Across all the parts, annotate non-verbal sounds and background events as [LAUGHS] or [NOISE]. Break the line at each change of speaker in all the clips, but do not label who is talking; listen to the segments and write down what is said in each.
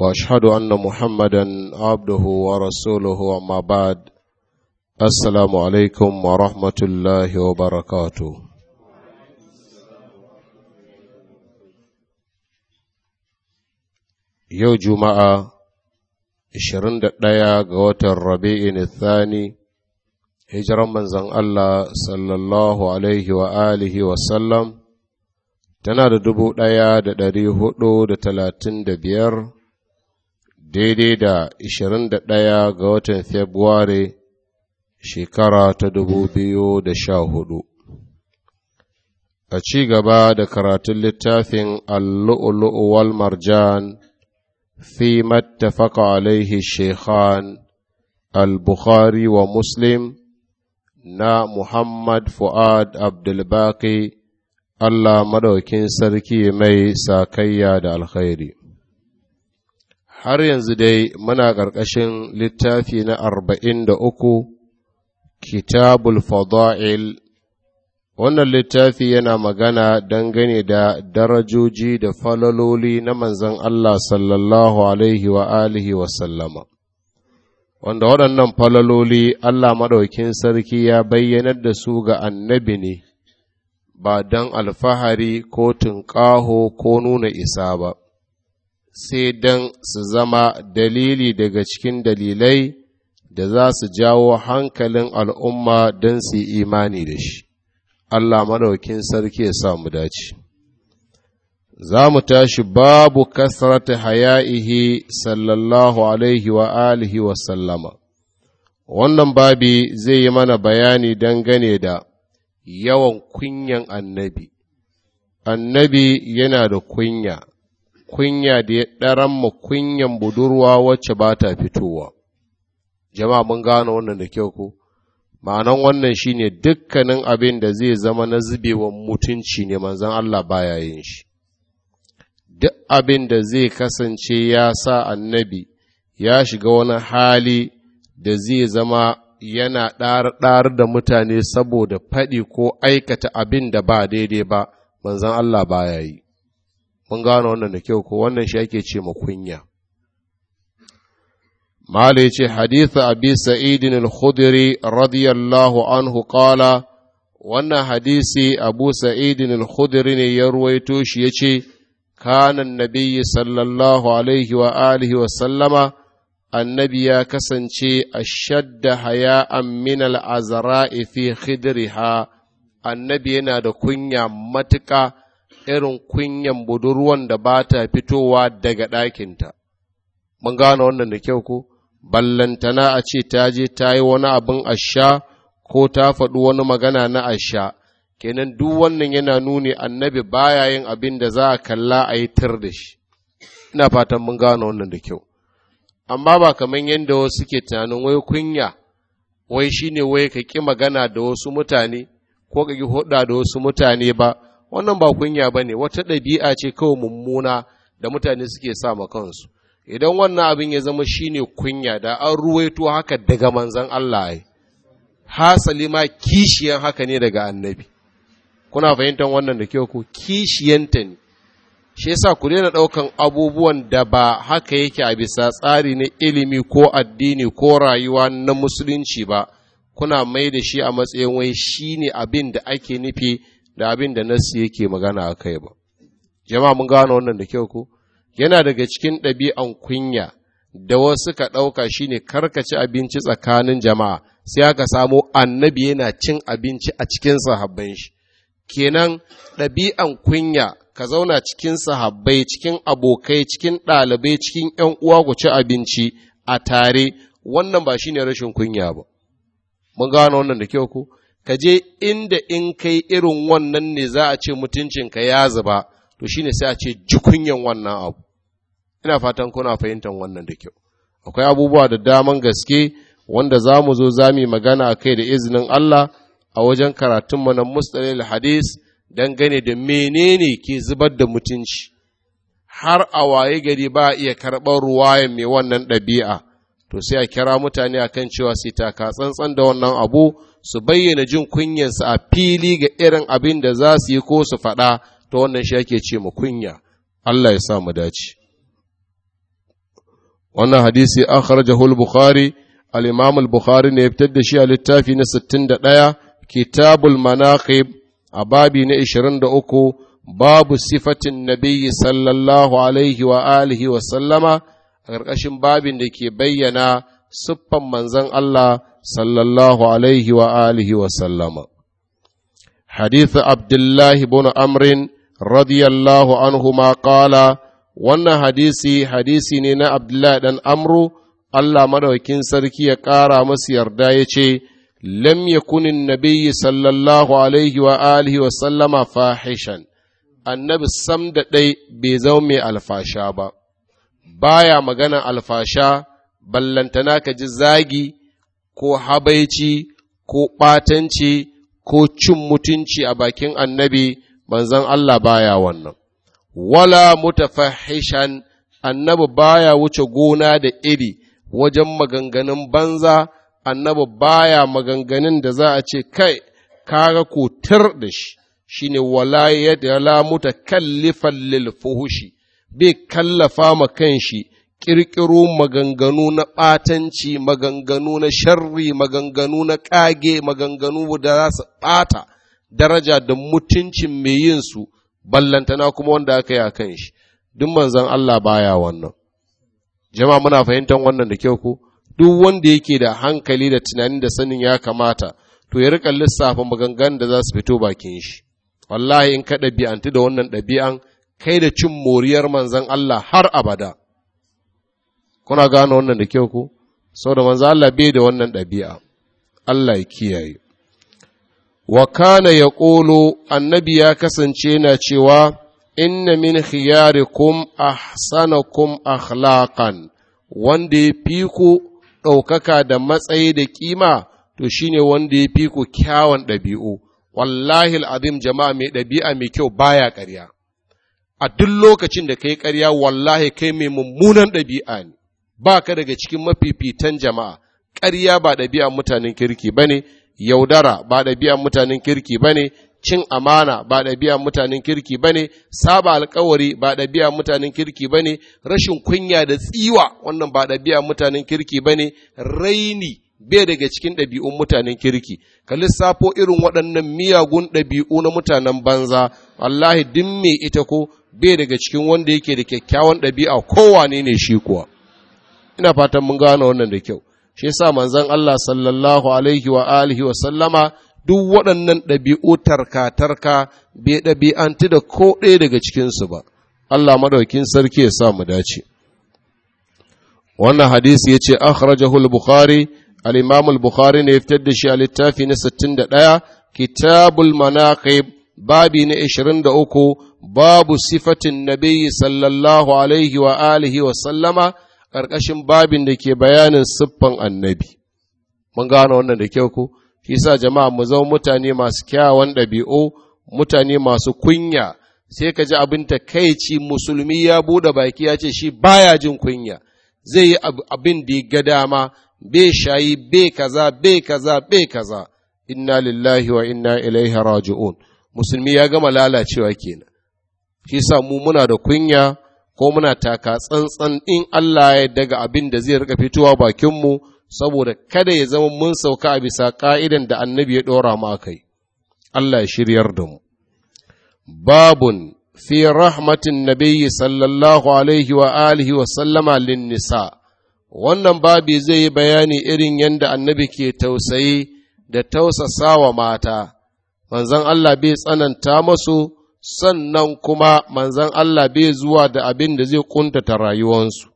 واشهد ان محمدا عبده ورسوله اما بعد السلام عليكم ورحمه الله وبركاته yau juma'a 21 ga watan rabi'in thani hijiran manzan Allah sallallahu alaihi wa alihi wa sallam tana da dubu ɗaya da ɗari hudu da talatin da biyar daidai da 21 ga watan Februari shekara ta 2014. A ci gaba da karatun littafin Allu'ulu'u wal Marjan fi mattafaka alaihi Shekhan al-Bukhari wa Muslim na Muhammad Fu'ad Abdulbaki Allah madaukin sarki mai sakayya da alkhairi. har yanzu dai muna ƙarƙashin littafi na arba'in da uku kitabul fada'il wannan littafi yana magana dangane da darajoji da falaloli na manzon Allah sallallahu alaihi wa alihi wa sallama wanda waɗannan falaloli Allah maɗaukin sarki ya bayyanar da su ga annabi ne ba don alfahari ko tunƙaho ko nuna isa ba sai don su zama dalili daga cikin dalilai da za su jawo hankalin al'umma don su imani da shi Allah maɗaukin sarki ya samu dace za mu tashi babu kasarata haya'ihi sallallahu alaihi wa alihi wa sallama wannan babi zai yi mana bayani dangane da yawan kunyan annabi annabi yana da kunya kunya da ya ɗaran ma kunyan budurwa wacce ba ta fitowa jama'a mun gane wannan da kyau ku. ma'anan wannan shi ne dukkanin abin da zai zama na zubewa mutunci ne manzon Allah baya yin shi duk abin da zai kasance ya sa annabi ya shiga wani hali da zai zama yana ɗar da mutane saboda faɗi ko aikata abin da ba daidai ba manzon Allah baya yi mun gano wannan da kyau ko wannan shi ake ce kunya. Mala ce haditha abi sa'idin al-khudri radiyallahu anhu qala wannan hadisi abu sa'idin al-khudri ne ya ruwaito shi ya ce kanan nabiyyi sallallahu alaihi wa alihi wa sallama annabi ya kasance a shadda haya'an min al-azra'i fi khidriha annabi yana da kunya matuƙa irin kunyan budurwan da ba ta fitowa daga ɗakinta. Mun gane wannan da kyau ko? Ballantana a ce ta je ta yi wani abin asha ko ta faɗi wani magana na asha, kenan duk wannan yana nuni annabi ba yin abin da za a kalla a yi tir da shi. Ina fatan mun gane wannan da kyau. Amma ba kamar yadda wasu ke tunanin wai kunya, wai shine wai ka ƙi magana da wasu mutane, ko ka ƙi hoɗa da wasu mutane ba, wannan ba kunya ba ne wata ɗabi'a ce kawai mummuna da mutane suke sa ma kansu idan wannan abin ya zama shine kunya da an ruwaito haka daga manzan Allah yi hasali ma kishiyan haka ne daga annabi kuna fahimtar wannan da kyau ko kishiyanta ne shi yasa ku daina ɗaukan abubuwan da ba haka yake a bisa tsari na ilimi ko addini ko rayuwa na musulunci ba kuna mai da shi a matsayin wai shine abin da ake nufi da abin da nassi yake magana a kai ba Jama mun gano wannan da kyau ko yana daga cikin ɗabi'an kunya da wasu ka ɗauka shi shine karkaci abinci tsakanin jama'a sai aka samo annabi yana cin abinci a cikin sahabban shi kenan ɗabi'an kunya ka zauna cikin sahabbai cikin abokai cikin ɗalibai cikin ‘yan uwa ku ci abinci a tare wannan ba shi ne rashin kunya ba mun gano wannan da kyau ko ka je inda in kai irin wannan ne za a ce mutuncinka ya zuba to shine sai a ce jikunyan wannan abu ina fatan kuna fahimtar wannan da kyau akwai abubuwa da daman gaske wanda za mu zo za mu magana a kai da izinin Allah a wajen karatunmu na mustalil hadis dangane da menene ke zubar da mutunci har a waye gari ba iya karɓar ruwayan mai wannan ɗabi'a to sai a kira mutane akan cewa sai ka tsantsan da wannan abu su bayyana jin kunyarsu a fili ga irin abin da za su yi ko su faɗa ta wannan shi ake ce mu kunya Allah ya sa mu dace wannan hadisi an hul bukhari al-imam al-bukhari ne ya fitar da shi a littafi na 61 kitabul manaqib a babi na 23 babu sifatin nabiyyi sallallahu alaihi wa alihi wa sallama a ƙarƙashin babin da ke bayyana siffan manzan Allah sallallahu alaihi wa alihi wa sallama. Hadithu Abdullahi bin Amrin radiyallahu anhu ma ƙala, wannan hadisi hadisi ne na Abdullahi ɗan Amru, Allah madaukin sarki ya ƙara masu yarda ya ce, Lam yakunin nabiyyi sallallahu alaihi wa alihi wa sallama fahishan, annabi sam da ɗai bai zama mai alfasha ba, baya magana alfasha ballantana ka ji zagi ko habaici ko ɓatanci ko cin mutunci a bakin annabi manzon Allah baya wannan wala mutafahishan annabi baya wuce gona da iri wajen maganganun banza annabi baya maganganun da za a ce kai kaga ko tir da shi shine wala yadda mutakallifan lil fuhushi bai kallafa ma kanshi ƙirƙiro maganganu na ɓatanci maganganu na sharri maganganu na ƙage maganganu da za su ɓata daraja da mutuncin mai yin su ballantana kuma wanda aka yi a kan shi duk manzan Allah baya wannan jama'a muna fahimtar wannan da kyau ko duk wanda yake da hankali da tunani da sanin ya kamata to ya rika lissafa maganganu da za su fito bakin shi wallahi in ka ɗabi'antu da wannan ɗabi'an kai da cin moriyar manzan Allah har abada kuna gano wannan da kyau ku sau da manzo Allah bai da wannan ɗabi'a Allah ya kiyaye wa kana ya ƙolo annabi ya kasance na cewa inna min khiyarikum ahsanakum akhlaqan wanda ya fi ku ɗaukaka da matsayi da kima to shine wanda ya fi ku kyawun ɗabi'u wallahi al'adun jama'a mai ɗabi'a mai kyau baya ƙarya a duk lokacin da kai ƙarya wallahi kai mai mummunan ɗabi'a ne ba ka daga cikin mafifitan jama'a ƙarya ba ɗabi'an mutanen kirki ba ne yaudara ba ɗabi'an mutanen kirki ba ne cin amana ba ɗabi'an mutanen kirki ba ne saba alkawari ba ɗabi'an mutanen kirki ba ne rashin kunya da tsiwa wannan ba ɗabi'an mutanen kirki ba ne raini bai daga cikin ɗabi'un mutanen kirki ka lissafo irin waɗannan miyagun ɗabi'u na mutanen banza wallahi duk ita ko bai daga cikin wanda yake da kyakkyawan ɗabi'a kowane ne shi kuwa ina fatan mun gane wannan da kyau shi yasa manzon Allah sallallahu alaihi wa alihi wa sallama duk waɗannan ɗabi'u tarka-tarka bai ɗabi'anti da ko ɗaya daga cikin su ba, Allah madaukin sarki ya sa mu dace. Wannan hadisi yace ce, al Bukhari, al Bukhari ne ya fitar da shi a littafi na 61, Kitabul Manaqib, babi na 23, babu sifatin Nabiyyi sallallahu alaihi wa alihi wa sallama, ƙarƙashin babin da ke bayanin siffan annabi mun gano wannan da kyau ku, shi sa jama'a mu zama mutane masu kyawawan ɗabi'u mutane masu kunya sai ka ji abin ta takaici musulmi ya buɗe baki ya ce shi baya jin kunya zai yi abin da ya ga dama be shayi be kaza be kaza be kaza inna lillahi wa inna ilaihi raji'un musulmi ya gama lalacewa kenan shi sa mu muna da kunya ko muna taka tsantsan in Allah ya daga abin da zai rika fitowa bakinmu saboda kada ya zama mun sauka a bisa ka'idan da annabi ya ɗora mu akai Allah ya shiryar da mu babun fi rahmatin nabiyyi sallallahu alaihi wa alihi wa sallama lin nisa wannan babi zai yi bayani irin yadda annabi ke tausayi da tausasa wa mata manzon Allah bai tsananta masu sannan kuma manzan Allah bai zuwa da abin da zai kuntata rayuwansu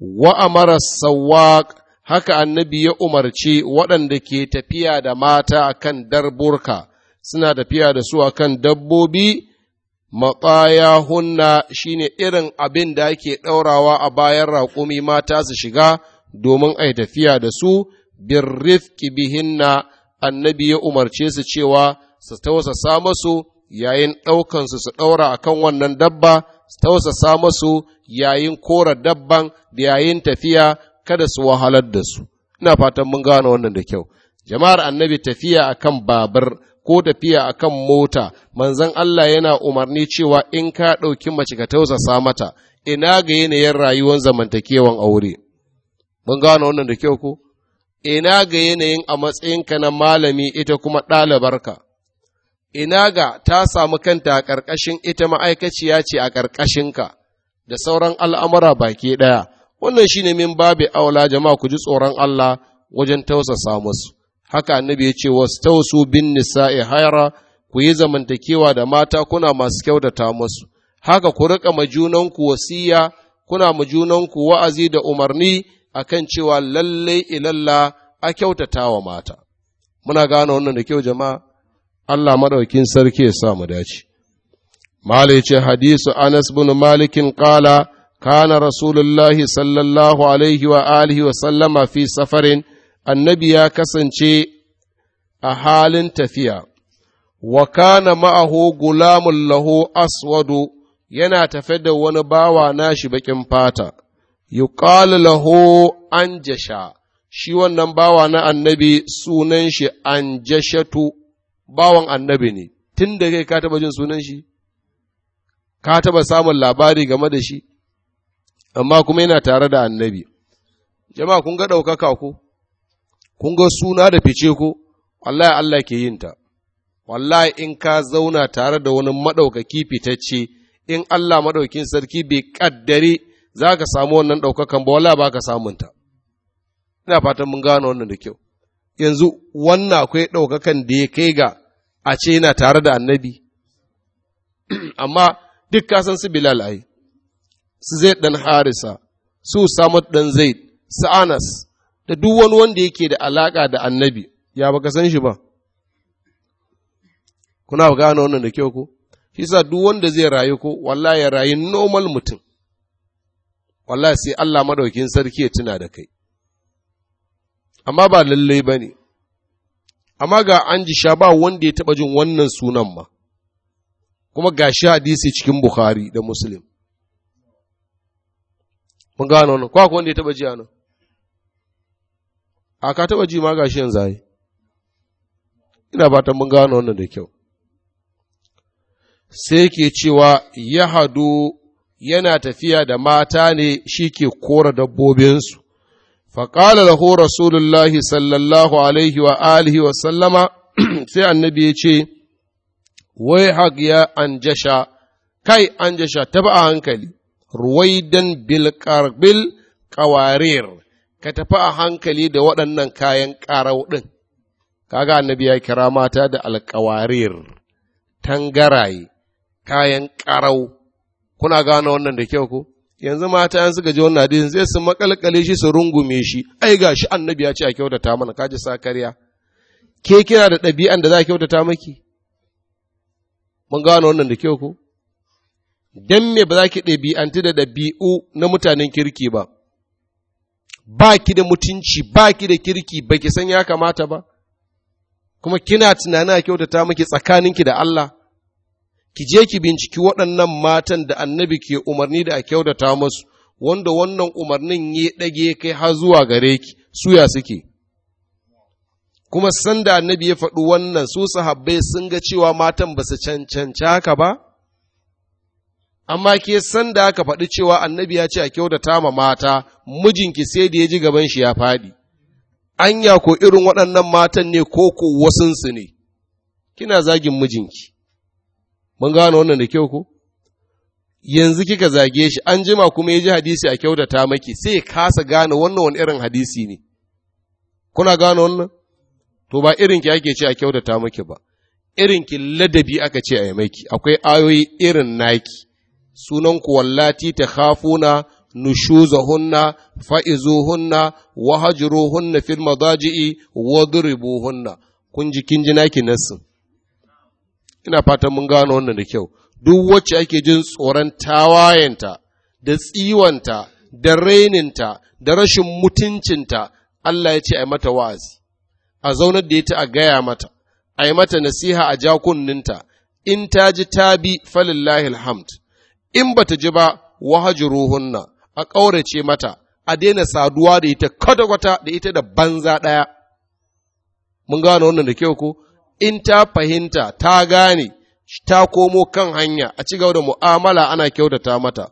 wa amara sawaq haka annabi ya umarci waɗanda ke tafiya da mata akan darburka suna tafiya da su akan dabbobi maƙaya hunna shi ne irin abin da ake ɗaurawa a bayan raƙumi mata su shiga domin a tafiya da su birrifki bihinna annabi ya umarce su cewa su tausasa masu yayin ɗaukansu su ɗaura a kan wannan dabba su tausasa masu yayin kora dabban da yayin tafiya kada su wahalar da su ina fatan mun gane wannan da kyau jama'ar annabi tafiya a kan babur ko tafiya a kan mota manzon Allah yana umarni cewa in ka ɗauki mace ka tausasa mata ina ga yanayin rayuwar zamantakewan aure mun gane wannan da kyau ko ina ga yanayin a matsayinka na malami ita kuma ɗalibarka ina ga ta samu kanta a ƙarƙashin ita ma'aikaciya ce a ƙarƙashinka da sauran al'amura baki ɗaya, wannan shi ne min babi aula jama'a ku ji tsoron Allah wajen tausasa musu. Haka annabi ya ce, wasu tausu bin e haira ku yi zamantakewa da mata kuna masu kyautata musu, haka ku riƙa majunanku wasiya, kuna majunanku wa'azi da umarni a kan cewa lallai ilalla a kyautata wa mata. Muna gane wannan da kyau jama'a. Allah maɗaukin sarki ya sa dace Malik ce hadisu Anas bin Malikin qala kana Rasulullahi sallallahu alaihi wa alihi wa sallama fi safarin annabi ya kasance a halin tafiya wa kana ma'ahu gulamun lahu aswadu yana tafe da wani bawa nashi bakin fata yuqalu lahu jasha, shi wannan bawa na annabi sunan shi anjashatu bawan annabi ne tun da kai ka taba jin sunan shi ka taba samun labari game da shi amma kuma yana tare da annabi jama'a kun ga ɗaukaka ko kun ga suna da fice ko wallahi Allah ke yin ta wallahi in ka zauna tare da wani maɗaukaki fitacce in Allah maɗaukin sarki bai kaddare za ka samu wannan ɗaukakan ba wallahi ba ka samunta ina fatan mun gane wannan da kyau yanzu wannan akwai ɗaukakan da ya kai ga a ce yana tare da annabi [CLEARS THROAT] amma duk kasan su bilal ai su zai dan harisa su samu dan zaid su anas da duk wani wanda yake da alaka da annabi ya baka san shi ba kuna gane wannan da kyau ko shi sa duk wanda zai rayu ko wallahi ya rayu normal mutum wallahi sai Allah madaukin sarki ya tuna da kai amma ba lallai bane amma ga an sha ba wanda ya taɓa jin wannan sunan ma kuma ga shi hadisi cikin bukhari da muslim mun gano nan kwa wanda ya taɓa ji anan a ka taɓa ji ma ga shi yanzu ai ina fatan mun gano wannan da kyau sai ke cewa ya yana tafiya da mata ne shi ke kora dabbobinsu faƙala lahu sallallahu alaihi wa wa sallama [CLEARS THROAT] sai annabi ya ce wai ya an jasha kai an jasha tafi a hankali ruwaidan bilkarbil kawarir ka tafi a hankali da waɗannan kayan ƙarau ɗin kaga annabi ya kira mata da alkawarir tangaraye kayan ƙarau kuna gane wannan da kyau ko yanzu mata yan suka ji wannan hadisin sai su makalkale shi su rungume shi ai gashi annabi ya ce a kyautata mana kaji sa karya ke kina da ɗabi'an da za a kyautata maki mun gano wannan da kyau ko dan me ba za ki ɗabi'anti da ɗabi'u na mutanen kirki ba ba ki da mutunci ba ki da kirki ba ki san ya kamata ba kuma kina tunanin a kyautata maki tsakaninki da Allah ki je ki binciki waɗannan matan da annabi ke umarni da a kyautata musu wanda wannan umarnin ya ɗage kai har zuwa gare ki suya suke kuma sanda annabi ya faɗi wannan su sahabbai sun ga cewa matan ba su cancanci haka ba amma ke sanda aka faɗi cewa annabi ya ce a kyautata ma mata mijinki sai da ya ji gaban shi ya faɗi anya ko irin waɗannan matan ne ko ko wasunsu ne kina zagin mijinki mun gano wannan da kyau ko yanzu kika zage shi an jima kuma ya ji hadisi a kyautata maki sai ya kasa gane wannan wani irin hadisi ne kuna gano wannan to ba irin ki ake ce a kyautata maki ba irin ki ladabi aka ce a yi maki akwai ayoyi irin naki sunan ku wallati ta khafuna nushuzahunna fa'izuhunna wahajruhunna fil madaji'i wadribuhunna kun ji kin ji naki nasin ina fatan mun gano wannan da kyau duk wacce ake jin tsoron tawayenta da tsiwanta da raininta da rashin mutuncinta Allah ya ce a mata wa'azi a zaunar da ita a gaya mata Ai mata nasiha a jakunninta. in ta ji ta bi falillahi alhamd in ba ta ji ba wahajruhunna a ƙaurace mata a daina saduwa da ita kwata-kwata da ita da banza ɗaya mun gano wannan da kyau ko in ta fahimta ta gane ta komo kan hanya a ci gaba da mu'amala ana kyautata mata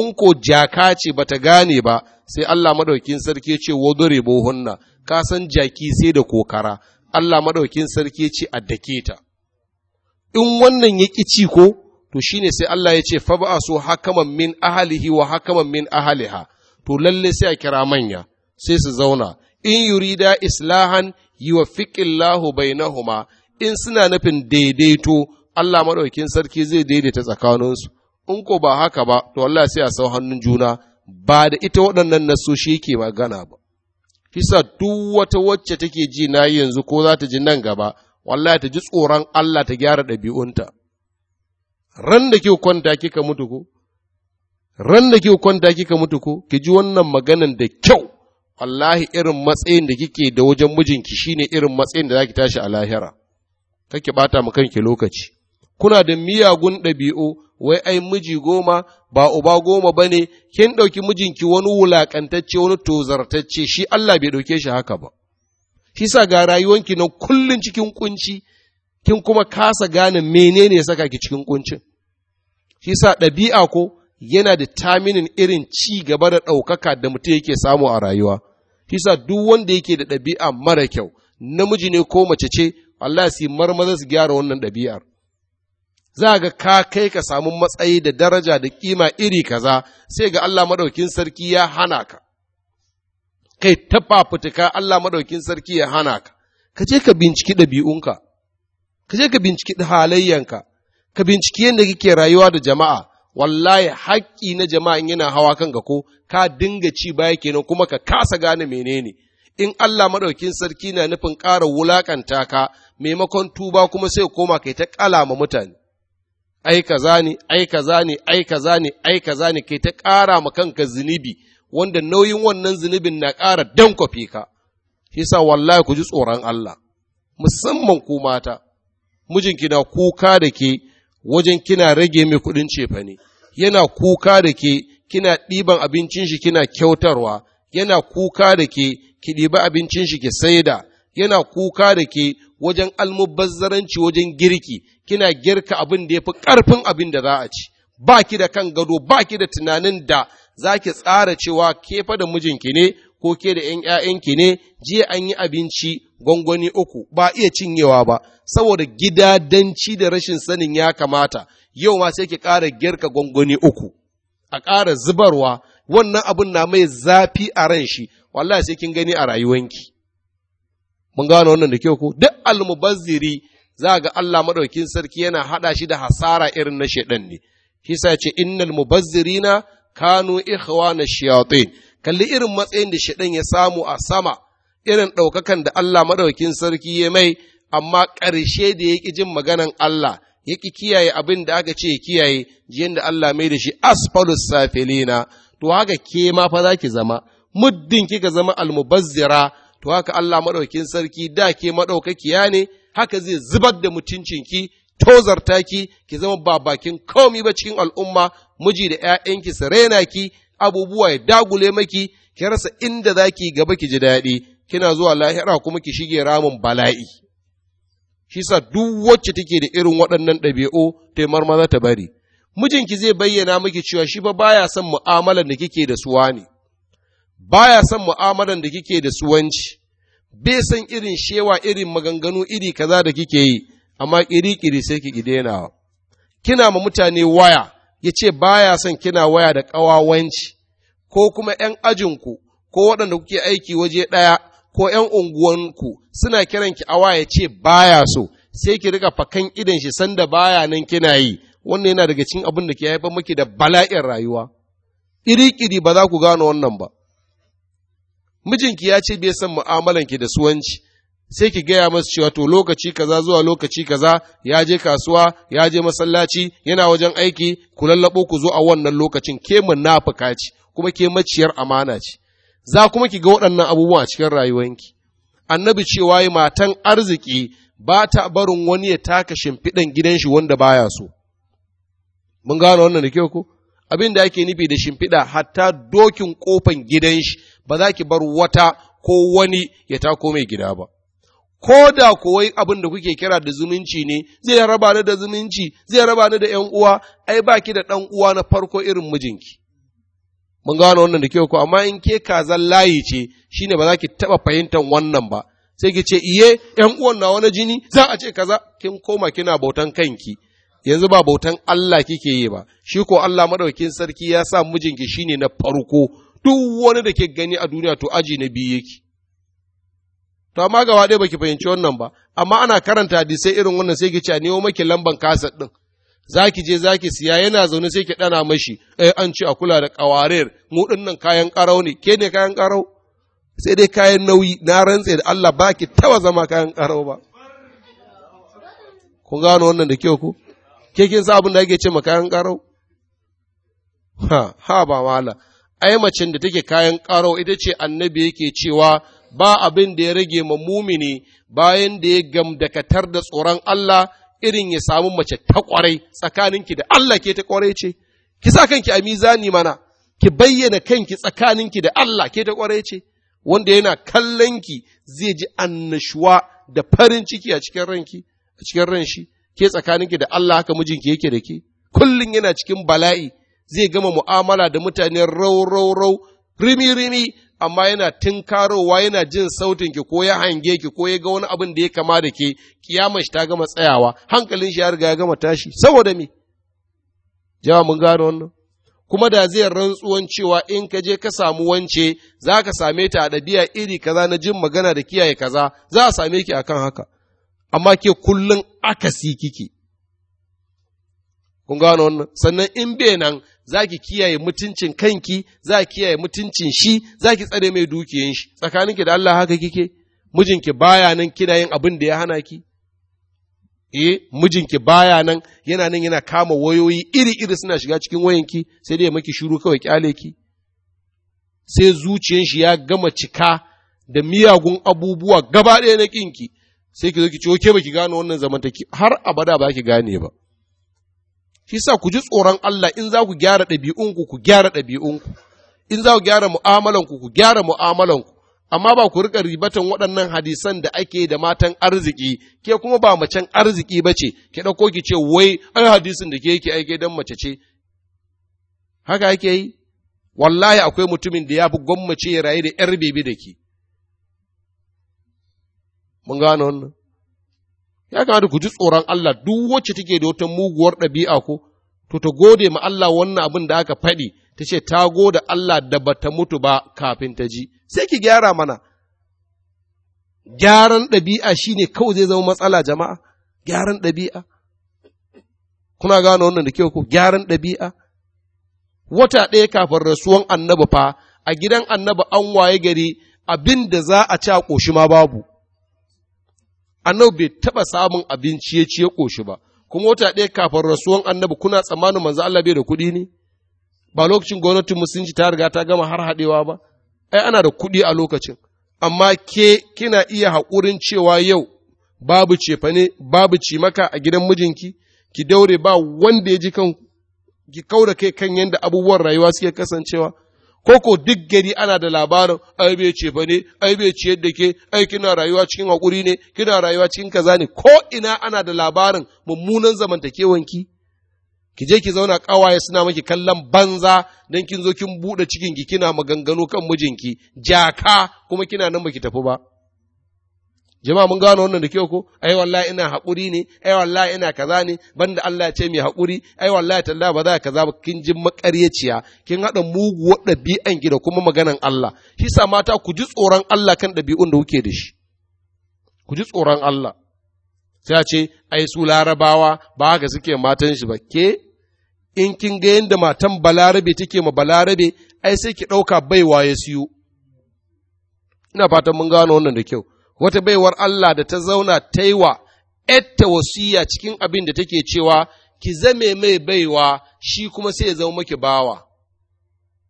in ko jaka ce bata gane ba sai Allah madaukin sarki ce wadure bohunna ka san jaki sai da kokara Allah madaukin sarki ce addake ta in wannan ya ci ko to shine sai Allah ya ce fab'asu hakaman min ahlihi wa hakaman min ahliha to lalle sai a kira manya sai su zauna in yurida islahan yuwaffiqillahu bainahuma in suna nufin daidaito Allah maɗaukin sarki zai daidaita tsakaninsu in ko ba haka ba to Allah sai a sau hannun juna ba da ita waɗannan shi yake magana ba Fisa duk wata wacce take ji na yanzu ko za ta ji nan gaba wallahi ta ji tsoron Allah ta gyara ɗabi'unta ran da kika kwanta kika mutu ko ran da kika kwanta kika mutu ko ki ji wannan maganan da kyau wallahi irin matsayin da kike da wajen mijinki shine irin matsayin da za ki tashi a lahira kake bata mu kanki lokaci kuna da miyagun ɗabi'u wai ai miji goma ba uba goma ba ne kin ɗauki mijinki wani wulaƙantacce wani tozartacce shi Allah bai ɗauke shi haka ba shi sa ga rayuwanki na kullum cikin kunci kin kuma kasa gane menene ya saka ki cikin kuncin shi sa ɗabi'a ko yana da taminin irin ci gaba da ɗaukaka da mutum yake samu a rayuwa shi sa duk wanda yake da ɗabi'a mara kyau namiji ne ko mace ce Allah su marmaza su gyara wannan ɗabi'ar za ga ka kai ka samu matsayi da daraja da kima iri kaza sai ga Allah madaukin sarki ya hana ka kai ta fafutuka Allah madaukin sarki ya hana ka ka je ka binciki ɗabi'unka ka je ka binciki halayyanka ka binciki yadda kake rayuwa da jama'a wallahi haƙƙi na jama'a in yana hawa kan kanka ko ka dinga ci baya kenan kuma ka kasa gane menene in Allah maɗaukin sarki na nufin ƙara wulakanta ka maimakon tuba kuma sai koma kai ta kala ma mutane ai ka ne ai ka zane, ai ka ne ai ka ne kai ta ƙara ma kanka zunubi wanda nauyin wannan zunubin na ƙara kwafi ka shi yasa wallahi ku ji tsoron Allah musamman ku mata mijinki na kuka da ke wajen kina rage mai kuɗin cefane yana kuka da ke kina ɗiban abincin shi kina kyautarwa yana kuka da ke ki ɗiba abincin shi ki saida yana kuka da ke wajen almubazzaranci wajen girki kina girka abin da ya fi ƙarfin abin da za a ci ba ki da kan gado ba ki da tunanin da za ki tsara cewa ke fa da mijinki ne ko ke da ‘yan ‘ya'yanki ne jiya an yi abinci gwangwani uku ba iya cinyewa ba saboda gidadanci da rashin sanin ya kamata yau ma sai ki ƙara girka gwangwani uku a ƙara zubarwa wannan abin na mai zafi a ran shi wallahi sai kin gani a rayuwanki mun gano wannan da kyau ko duk almubazziri za ga Allah madaukin sarki yana hada shi da hasara irin na shedan ne shi sa ce innal mubazzirina kanu ikhwana shayatin kalli irin matsayin da shedan ya samu a sama irin ɗaukakan da Allah madaukin sarki ya mai amma karshe da yake jin maganan Allah yake kiyaye abin da aka ce kiyaye jiyan da Allah mai da shi asfalus safilina to haka ke ma fa zaki zama muddin kika zama almubazzira to haka Allah maɗaukin sarki da ke maɗaukakiya ne haka zai zubar da mutuncinki tozarta ki ki zama ba bakin komi ba cikin al'umma miji da ‘ya'yanki su raina ki abubuwa ya dagule maki ki rasa inda za ki gaba ki ji daɗi kina zuwa lahira kuma ki shige ramin bala'i shi sa duk wacce take da irin waɗannan ɗabi'u ta yi marmaza ta bari mijinki zai bayyana miki cewa shi ba baya son mu'amalar da kike da suwa ne baya son mu'amalar da kike da suwanci bai san irin shewa irin maganganu iri kaza da kike yi amma iri kiri sai ki daina kina ma mutane waya ya ce baya son kina waya da ƙawawanci ko kuma ‘yan ajinku ko waɗanda kuke aiki waje ɗaya ko ‘yan unguwanku suna kiran ki awa ya ce baya so sai ki riga fakan idan shi sanda baya nan kina yi wannan yana daga cikin abin da ke haifar miki da bala'in rayuwa iri-kiri ba za ku gano wannan ba mijinki ya ce bai san mu'amalanki da suwanci sai ki gaya masu cewa to lokaci kaza zuwa lokaci kaza ya je kasuwa ya je masallaci yana wajen aiki ku lallabo ku zo a wannan lokacin ke munafuka ce kuma ke maciyar amana ce za kuma ki ga waɗannan abubuwa a cikin rayuwanki annabi cewa yi matan arziki ba ta barin wani ya taka shimfiɗan gidan shi wanda baya so mun gano wannan da kyau ko abin da ake nufi da shimfiɗa hatta dokin kofan gidan shi ba za ki bar wata ko wani ya tako mai gida ba ko da kowai abin da kuke kira da zumunci ne zai raba ni da zumunci zai raba ni da 'yan uwa ai ba ki da ɗan uwa na farko irin mijinki mun gano wannan da kyau ko amma in ke kazan layi ce shi ne ba za ki taɓa fahimtar wannan ba sai ki ce iye 'Yan uwan na wani jini za a ce kaza kin koma kina bautan kanki yanzu ba bautan Allah kike yi ba shi ko Allah madaukin sarki ya sa mijinki shi ne na farko duk wani da ke gani a duniya to aji na biyu yake to amma gaba ɗaya baki fahimci wannan ba amma ana karanta hadisai irin wannan sai ki ce a nemo maki lamban kasar ɗin zaki je zaki siya yana zaune sai ki ɗana mashi eh an ce a kula da ƙawarir mu ɗinnan kayan ƙarau ne ke ne kayan ƙarau sai dai kayan nauyi na rantse da Allah ba ki taɓa zama kayan ƙarau ba kun gano wannan da kyau ku ke kin sa abin da ake ce ma kayan ƙarau ha ha ba mala Aimacin macen da take kayan karo ita ce annabi yake cewa ba abin da ya rage ma mumini bayan da ya gamdakatar da tsoron Allah irin ya samu mace ta kwarai tsakaninki da Allah ke ta kwarai ce ki sa kanki a mizani mana ki bayyana kanki tsakaninki da Allah ke ta kwarai ce wanda yana kallonki zai ji annashuwa da farin ciki a cikin ranki a cikin ran ke tsakaninki da Allah haka mijinki yake da ke Kullum yana cikin bala'i zai gama mu'amala da mutane rau rau rau rimi rimi amma yana tunkarowa yana jin sautin ki ko ya hange ki ko ya ga wani abin da ya kama da ke kiyama shi ta gama tsayawa hankalin shi ya riga ya gama tashi saboda me jawa mun gano wannan kuma da zai rantsuwan cewa in ka je ka samu wance za ka same ta a ɗabi'a iri kaza na jin magana da kiyaye kaza za a same ki akan haka amma ke kullum akasi kike kun gano wannan sannan in bai nan za ki kiyaye mutuncin kanki za ki kiyaye mutuncin shi za ki tsare mai dukiyan shi tsakaninki da Allah haka kike mijinki baya nan kina yin abin da ya hana ki eh mijinki baya nan yana nan yana kama wayoyi iri-iri suna shiga cikin wayanki sai dai maki shiru kawai kyale ki sai zuciyan shi ya gama cika da miyagun abubuwa gaba ɗaya na kinki sai ki zo ki ce ke baki gano wannan zamantaki har abada ba ki gane ba shi sa ku ji tsoron Allah in za ku gyara ɗabi'unku ku gyara ɗabi'unku in za ku gyara mu'amalanku ku gyara mu'amalanku amma ba ku riƙa ribatan waɗannan hadisan da ake da matan arziki ke kuma ba macen arziki ba ce ke ɗauko ki ce wai ai hadisin da ke yake aike don mace ce haka ake yi wallahi akwai mutumin da ya fi gwammace ya rayu da ‘yar bebe da ke. Mun gano wannan? ya kamata ku ji tsoron Allah duk wacce take da wata muguwar ɗabi'a ko to ta gode ma Allah wannan abin da aka faɗi ta ce ta gode Allah da ba ta mutu ba kafin ta ji sai ki gyara mana gyaran ɗabi'a shine kawai zai zama matsala jama'a gyaran ɗabi'a kuna gane wannan da kyau ko gyaran ɗabi'a wata ɗaya kafin rasuwan annabi fa a gidan annabi an waye gari abin da za a ci a ƙoshi ma babu annabi bai taba samun abinci ya ci ya ƙoshi ba kuma wata ɗaya kafin rasuwan annabi kuna tsammanin manzo Allah bai da kuɗi ne ba lokacin gwamnatin musulunci ta riga ta gama har haɗewa ba ai ana da kuɗi a lokacin amma ke kina iya haƙurin cewa yau babu cefane babu cimaka a gidan mijinki ki daure ba wanda ya ji kan ki kaura kai kan yadda abubuwan rayuwa suke kasancewa Koko duk gari ana da labarin ai bai ce ba ne ai bai ce yadda ke ai kina rayuwa cikin hakuri ne kina rayuwa cikin kaza ne ko ina ana da labarin mummunan zamantakewanki ki je ki zauna kawaye suna miki kallon banza dan kin zo kin buɗe cikin ki kina maganganu kan mijinki jaka kuma kina nan baki tafi ba jama'a mun gano wannan da kyau ko ai wallahi ina haƙuri ne ai wallahi ina kaza ne banda Allah ya ce mai haƙuri ai wallahi talla ba za ka kaza ba kin ji makaryaciya kin hada muguwar ɗabi'an gida gida kuma maganan Allah shi sa mata ku ji tsoron Allah kan ɗabi'un da kuke da shi ku ji tsoron Allah sai a ce ai su larabawa ba ga suke matan shi ba ke in kin ga yanda matan balarabe take ma balarabe ai sai ki ɗauka baiwa ya siyo ina fatan mun gano wannan da kyau wata baiwar Allah da ta zauna ta yi wa ‘yatta wasiya cikin abin da take cewa, ki zame mai baiwa shi kuma sai ya zama maki bawa.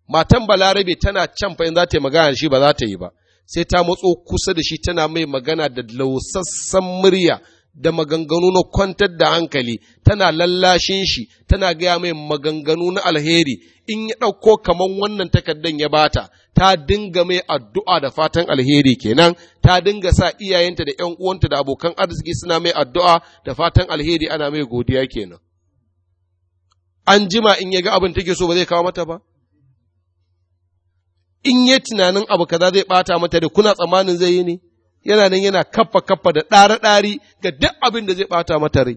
Matan Balarabe tana can fa in za ta yi magana shi ba za ta yi ba, sai ta matso kusa da shi tana mai magana da lausassan murya da maganganu na kwantar da hankali, tana lallashin shi, tana gaya mai maganganu na alheri, in ya ɗauko kamar wannan takardan ya bata, ta dinga mai addu'a da fatan alheri kenan ta dinga sa iyayenta da ‘yan uwanta da abokan arziki suna mai addu'a da fatan alheri ana mai godiya kenan an jima in ya ga abin take so ba zai kawo mata ba in ya tunanin abu kaza zai bata mata da kuna tsammanin zai yi ne yana nan yana kaffa kaffa da ɗari ɗari ga duk abin da zai bata mata rai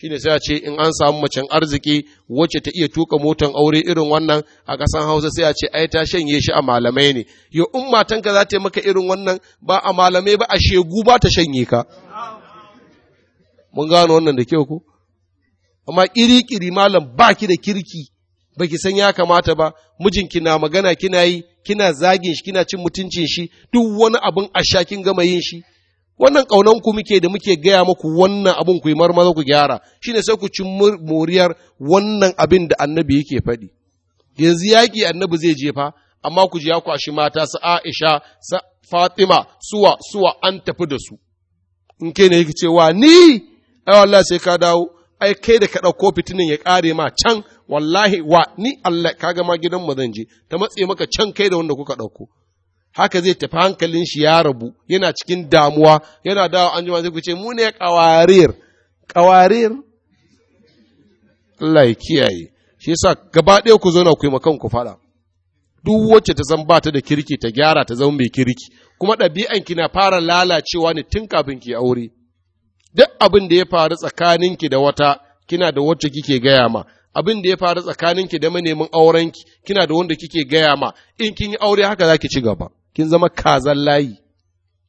shi ne sai a ce in an samu macen arziki wacce ta iya tuka motan aure irin wannan a kasan hausa sai a ce ai ta shanye shi a malamai ne yo in matanka za ta yi maka irin wannan ba a malamai ba a shegu ba ta shanye ka mun gano wannan da kyau ko amma kiri-kiri malam ba ki da kirki ba ki san ya kamata ba mijinki na magana kina yi kina zagin shi kina cin mutuncin shi duk wani abin a kin gama yin shi wannan ƙaunan ku muke da muke gaya muku wannan abin ku yi marmaza ku gyara shine sai ku ci moriyar wannan abin da annabi yake faɗi yanzu yaƙi annabi zai jefa amma ku ji ya kwashi mata sa Aisha su Fatima suwa suwa an tafi da su in kai ne yake cewa ni ai wallahi sai ka dawo ai kai da ka ɗauko fitinin ya ƙare ma can wallahi wa ni Allah kaga ma gidan mu zan je ta matse maka can kai da wanda kuka ɗauko haka zai tafi hankalin shi ya rabu yana cikin damuwa yana dawo an jima zai kuce Mune kawarir kawarir Allah ya kiyaye shi yasa gaba ɗaya ku zo na ku yi makan ku fada duk wacce ta zan bata da kirki ta gyara ta zama mai kirki kuma ɗabi'an ki na fara lalacewa ne tun kafin ki aure duk abin da ya faru tsakaninki da wata kina da wacce kike gaya ma abin da ya faru tsakaninki da manemin aurenki kina da wanda kike gaya ma in kin yi aure haka zaki ci gaba kin zama kazan layi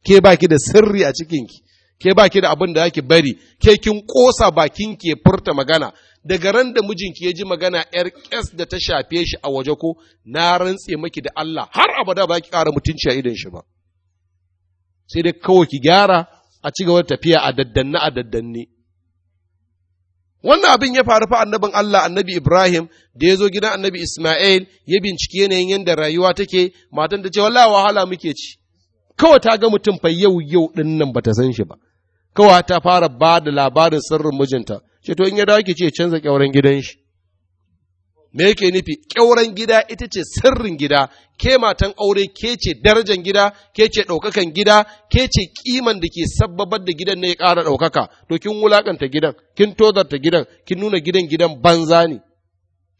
ke baki da sirri a cikinki ke baki da abin da zaki bari ke kin kosa bakin ke furta magana daga ran da mijinki ya ji magana yar kes da ta shafe shi a waje ko na rantse maki da Allah har abada ba ki ƙara mutunci a idan shi ba sai dai kawai ki gyara a ci gaba tafiya a daddanne a daddanne wannan abin ya faru fa annabin Allah annabi Ibrahim da ya zo gidan annabi Ismail ya bincike yanayin yadda rayuwa take matan ta ce wallahi wahala muke ci kawai ta ga mutum fa yau yau din nan bata san shi ba kawai ta fara ba da labarin sirrin mijinta ce to in ya dawo ki ce canza kyauren gidan shi me yake nufi ƙyauren gida ita ce sirrin gida ke matan aure ke ce darajan gida ke ce ɗaukakan gida ke ce kiman da ke sabbabar da gidan ne ya ƙara ɗaukaka to kin wulaƙanta gidan kin tozarta gidan kin nuna gidan gidan banza ne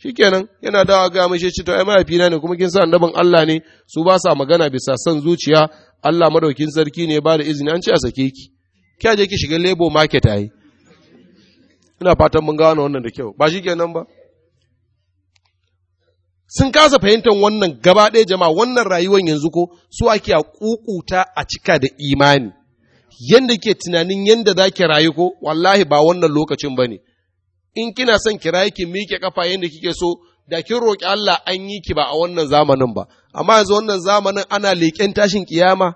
shikenan yana dawa ga mai shi to ai mahaifina ne kuma kin sa annabin Allah ne su ba sa magana bisa san zuciya Allah madaukin sarki ne ba da izini an ce a sake ki kya ki shiga lebo market ai ina fatan mun gano wannan da kyau ba shikenan ba sun kasa fahimtar wannan gaba ɗaya jama'a wannan rayuwar yanzu ko su ake a kukuta a cika da imani yanda ke tunanin yanda za ki rayu ko wallahi ba wannan lokacin ba ne in kina son ki rayu ki miƙe kafa yanda kike so da kin roƙi Allah an yi ki ba a wannan zamanin ba amma yanzu wannan zamanin ana leƙen tashin kiyama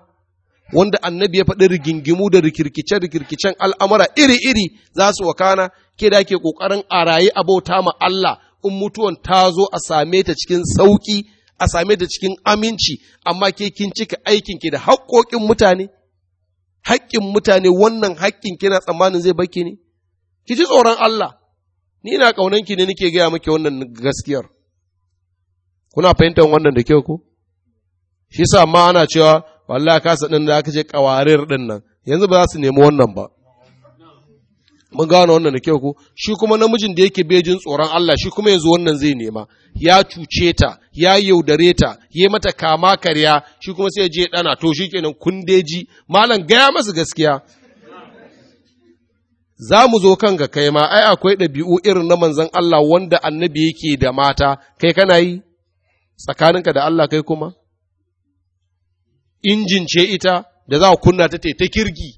wanda annabi ya faɗi rigingimu da rikirkice rikirkicen al'amura iri-iri za su wakana ke da ke ƙoƙarin a rayu abota ma Allah in mutuwan ta zo a same ta cikin sauƙi a same ta cikin aminci amma ke kin cika aikin ki da haƙoƙin mutane haƙƙin mutane wannan haƙƙin kina tsammanin zai baki ne ki ji tsoron Allah ni ina ƙaunan ki ne nake gaya miki wannan gaskiyar kuna fahimtar wannan da kyau ko shi sa ma ana cewa wallahi kasa din da aka je kawarir din nan yanzu ba za su nemi wannan ba mun gano wannan da kyau ko shi kuma namijin da yake bejin tsoron Allah shi kuma yanzu wannan zai nema ya cuce ta ya yaudare ta ya yi mata kama karya shi kuma sai je dana to shi kenan kundeji malam gaya masa gaskiya za mu zo kan ga kai ma ai akwai ɗabi'u irin na manzon Allah wanda annabi yake da mata kai kana yi tsakaninka da Allah kai kuma injin ce ita da za ku kunna ta ta kirgi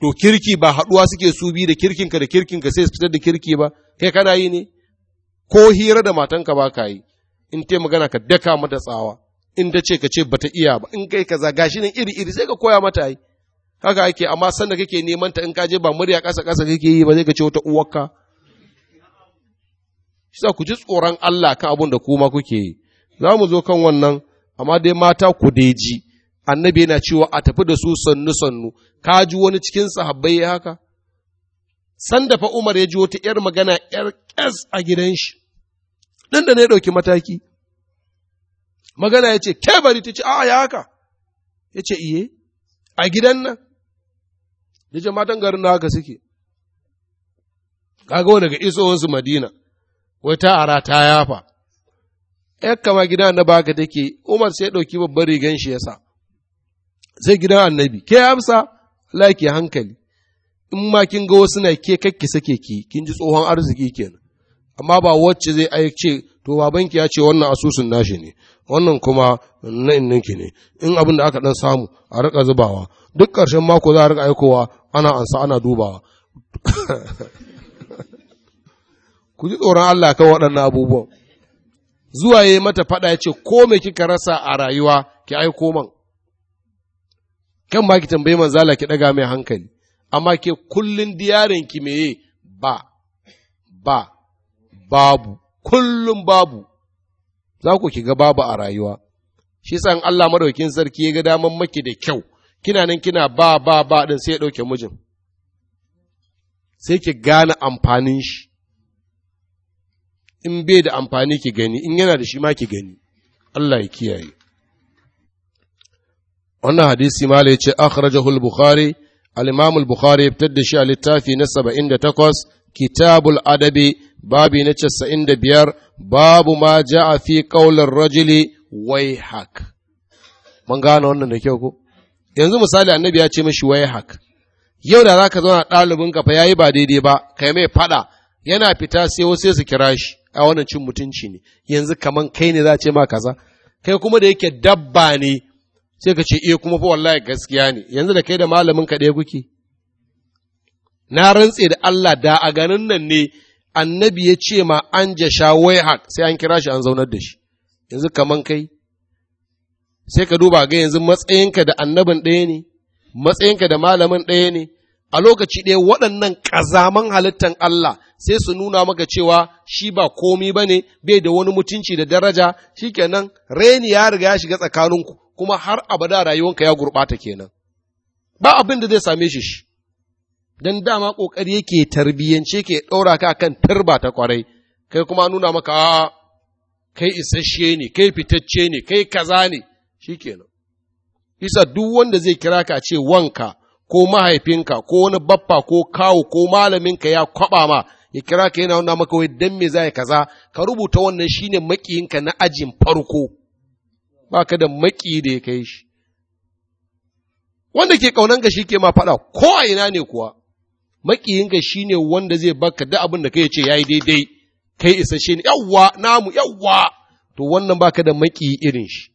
to kirki ba haɗuwa suke su bi da kirkinka da kirkinka sai su fitar da kirki ba kai kana yi ne ko hira da matanka ba ka yi in te magana ka daka mata tsawa in ta ce ka ce bata iya ba in kai kaza gashi nan iri iri sai ka koya mata yi haka ake amma sanda kake neman ta in ka je ba murya ƙasa ƙasa kake yi ba zai ka ce wata uwarka shi ku ji tsoron Allah ka abun da kuma kuke yi za mu zo kan wannan amma dai mata ku dai ji annabi yana cewa a tafi da su sannu sannu ka ji wani cikin sahabbai ya haka sanda fa Umar ya ji wata ‘yar magana ‘yar ƙas a gidan shi, ɗan da ne ɗauki mataki, magana ya ce, ke bari ta ce, a ya haka, ya ce, iye, a gidan nan, da ce matan garin na haka suke, kaga wani ga isowansu Madina, wai ta ara ta yafa, ‘yar kama gida na baka take, Umar sai ɗauki babbar rigan shi ya sa, zai gidan annabi ke amsa Allah ke hankali in ma kin ga wasu na ke kakki sake ki kin ji tsohon arziki kenan amma ba wacce zai aice to babanki ya ce wannan asusun nashi ne wannan kuma na inninki ne in abin da aka dan samu a rika zubawa duk ƙarshen mako za a rika aikowa ana ansa ana dubawa [LAUGHS] ku ji tsoron Allah kan waɗannan abubuwan zuwa ya mata faɗa ya ce ko me kika rasa a rayuwa ki aiko man kan ma ki tambayi manzala ki daga mai hankali amma ke kullun diyarin ki meye ba ba babu kullun babu za ku ki ga babu a rayuwa shi san Allah madaukin sarki ya ga daman maki da kyau kina nan kina ba ba ba din sai ya ɗauke mijin sai ki gane amfanin shi in bai da amfani ki gani in yana da shi ma ki gani Allah ya kiyaye wannan hadisi mala yace akhrajahu al-bukhari al-imam al-bukhari ibtada da shi a littafi na 78 kitabul adabi babi na 95 babu ma ja'a fi qaulir rajuli wayhak mun gane wannan da kyau ko yanzu misali annabi ya ce mishi wayhak yau da zaka zauna ɗalibin ka fa yayi ba daidai ba kai mai fada yana fita sai wasu su kira shi a wannan cin mutunci ne yanzu kaman kai ne za ce ma kaza kai kuma da yake dabba ne sai ka ce iya eh, kuma fa wallahi gaskiya ne yanzu da kai da malamin ka ɗaya kuke na rantse da Allah da a ganin nan ne annabi ya ce ma an ja jasha waihak sai an kira shi an zaunar da shi yanzu kaman kai sai ka duba ga yanzu matsayinka da annabin ɗaya ne matsayinka da malamin ɗaya ne a lokaci ɗaya waɗannan ƙazaman halittan Allah sai su nuna maka cewa shi ba komi ba ne bai da wani mutunci da daraja shikenan reni ya riga ya shiga tsakaninku kuma har abada rayuwanka ya gurɓata kenan ba abin da zai same shi shi don dama ƙoƙari yake tarbiyyance ke ɗaura ka kan tarba ta ƙwarai kai kuma nuna maka kai isasshe ne kai fitacce ne kai kaza ne shikenan isa duk wanda zai kira ka ce wanka ko mahaifinka ko wani baffa ko kawo ko malaminka ya kwaɓa ma ya kira ka yana nuna maka wai dan me za kaza ka rubuta wannan shine makiyinka na ajin farko ba ka da maƙi da ya kai shi. Wanda ke ƙaunanka shi ke ma faɗa ko a ina ne kuwa, maƙiyinka shi ne wanda zai baka da abin da kai ce ya yi daidai, kai shi ne, yawwa namu yawwa, to wannan ba ka da maƙiyi irin shi.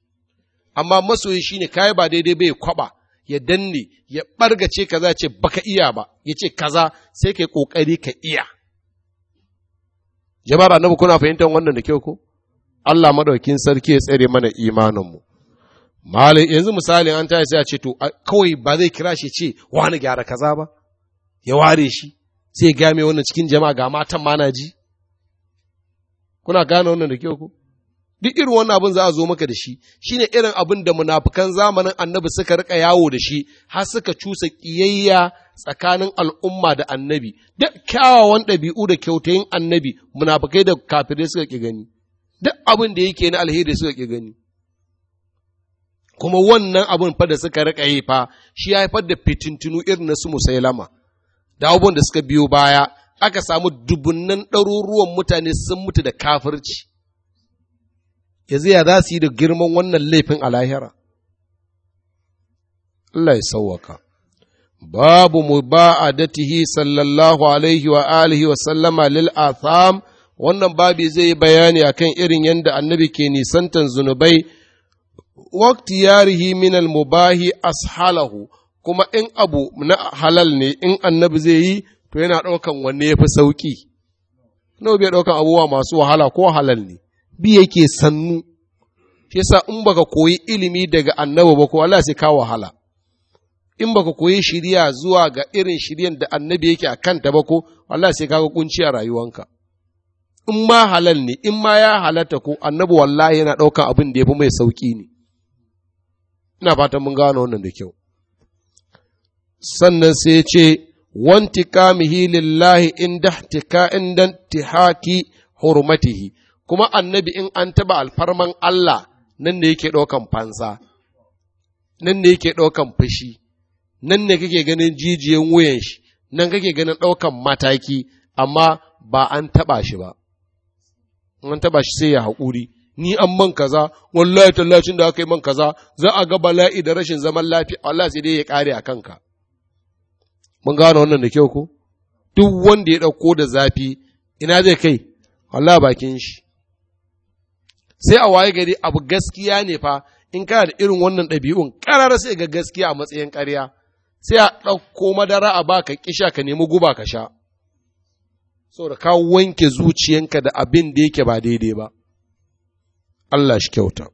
Amma masoyi shi ne kayi ba daidai bai kwaɓa, ya danne, ya ɓargace kaza ce baka iya ba, ya ce kaza sai kai ƙoƙari ka iya. Jama'a annabi kuna fahimtar wannan da kyau ko? Allah maɗaukin sarki ya tsere mana imaninmu Malin yanzu misali an ta sai a ce to kawai ba zai kira shi ce wani gyara kaza ba ya ware shi sai ya game wannan cikin jama'a ga matan mana ji kuna gane wannan da kyau ko duk irin wannan abin za a zo maka da shi shine irin abin da munafukan zamanin annabi suka rika yawo da shi har suka cusa kiyayya tsakanin al'umma da annabi duk kyawawan ɗabi'u da kyautayin annabi munafukai da kafirai suka ki gani duk abin da yake na alheri suka ƙi gani kuma wannan abin fa da suka rika yi fa shi ya haifar da fitintinu irin na su musailama da abubuwan da suka biyo baya aka samu dubunnan ɗaruruwan mutane sun mutu da kafirci yanzu ya za su yi da girman wannan laifin a lahira Allah ya sauwaka babu mu ba'adatihi sallallahu alaihi wa alihi wa sallama lil wannan babi zai yi bayani akan irin yadda annabi ke nisantan zunubai wakti yarihi minal mubahi ashalahu kuma in abu na halal ne in annabi zai yi to yana ɗaukan wanne ya fi sauƙi nawa bai ɗaukan abubuwa masu wahala ko halal ne bi yake sannu shi yasa in baka koyi ilimi daga annabi ba ko Allah sai ka wahala in baka koyi shiriya zuwa ga irin shiryan da annabi yake a kanta ba ko Allah sai kaga kunci a rayuwanka in ma halal ne in ma ya halatta ko annabi wallahi yana ɗaukan abin da ya fi mai sauƙi ne ina fatan mun gano wannan da kyau sannan sai ce wantikamihi lillahi inda tika inda tihaki hurmatihi kuma annabi in an taba alfarman Allah nan ne yake ɗaukan fansa nan ne yake ɗaukan fushi nan ne kake ganin jijiyan wuyan shi nan kake ganin ɗaukan mataki amma ba an taba shi ba an taba shi sai ya haƙuri ni an man kaza wallahi tallacin da aka yi man kaza za a ga bala'i da rashin zaman lafiya Allah sai dai ya kare a kanka mun gano wannan da kyau ko duk wanda ya ɗauko da zafi ina zai kai Allah bakin shi sai a waye gari abu gaskiya ne fa in kana da irin wannan ɗabi'un ƙarar sai ga gaskiya a matsayin ƙarya sai a ɗauko madara a baka kisha ka nemi guba ka sha da ka wanke zuciyanka da abin da yake ba daidai ba Allah shi kyauta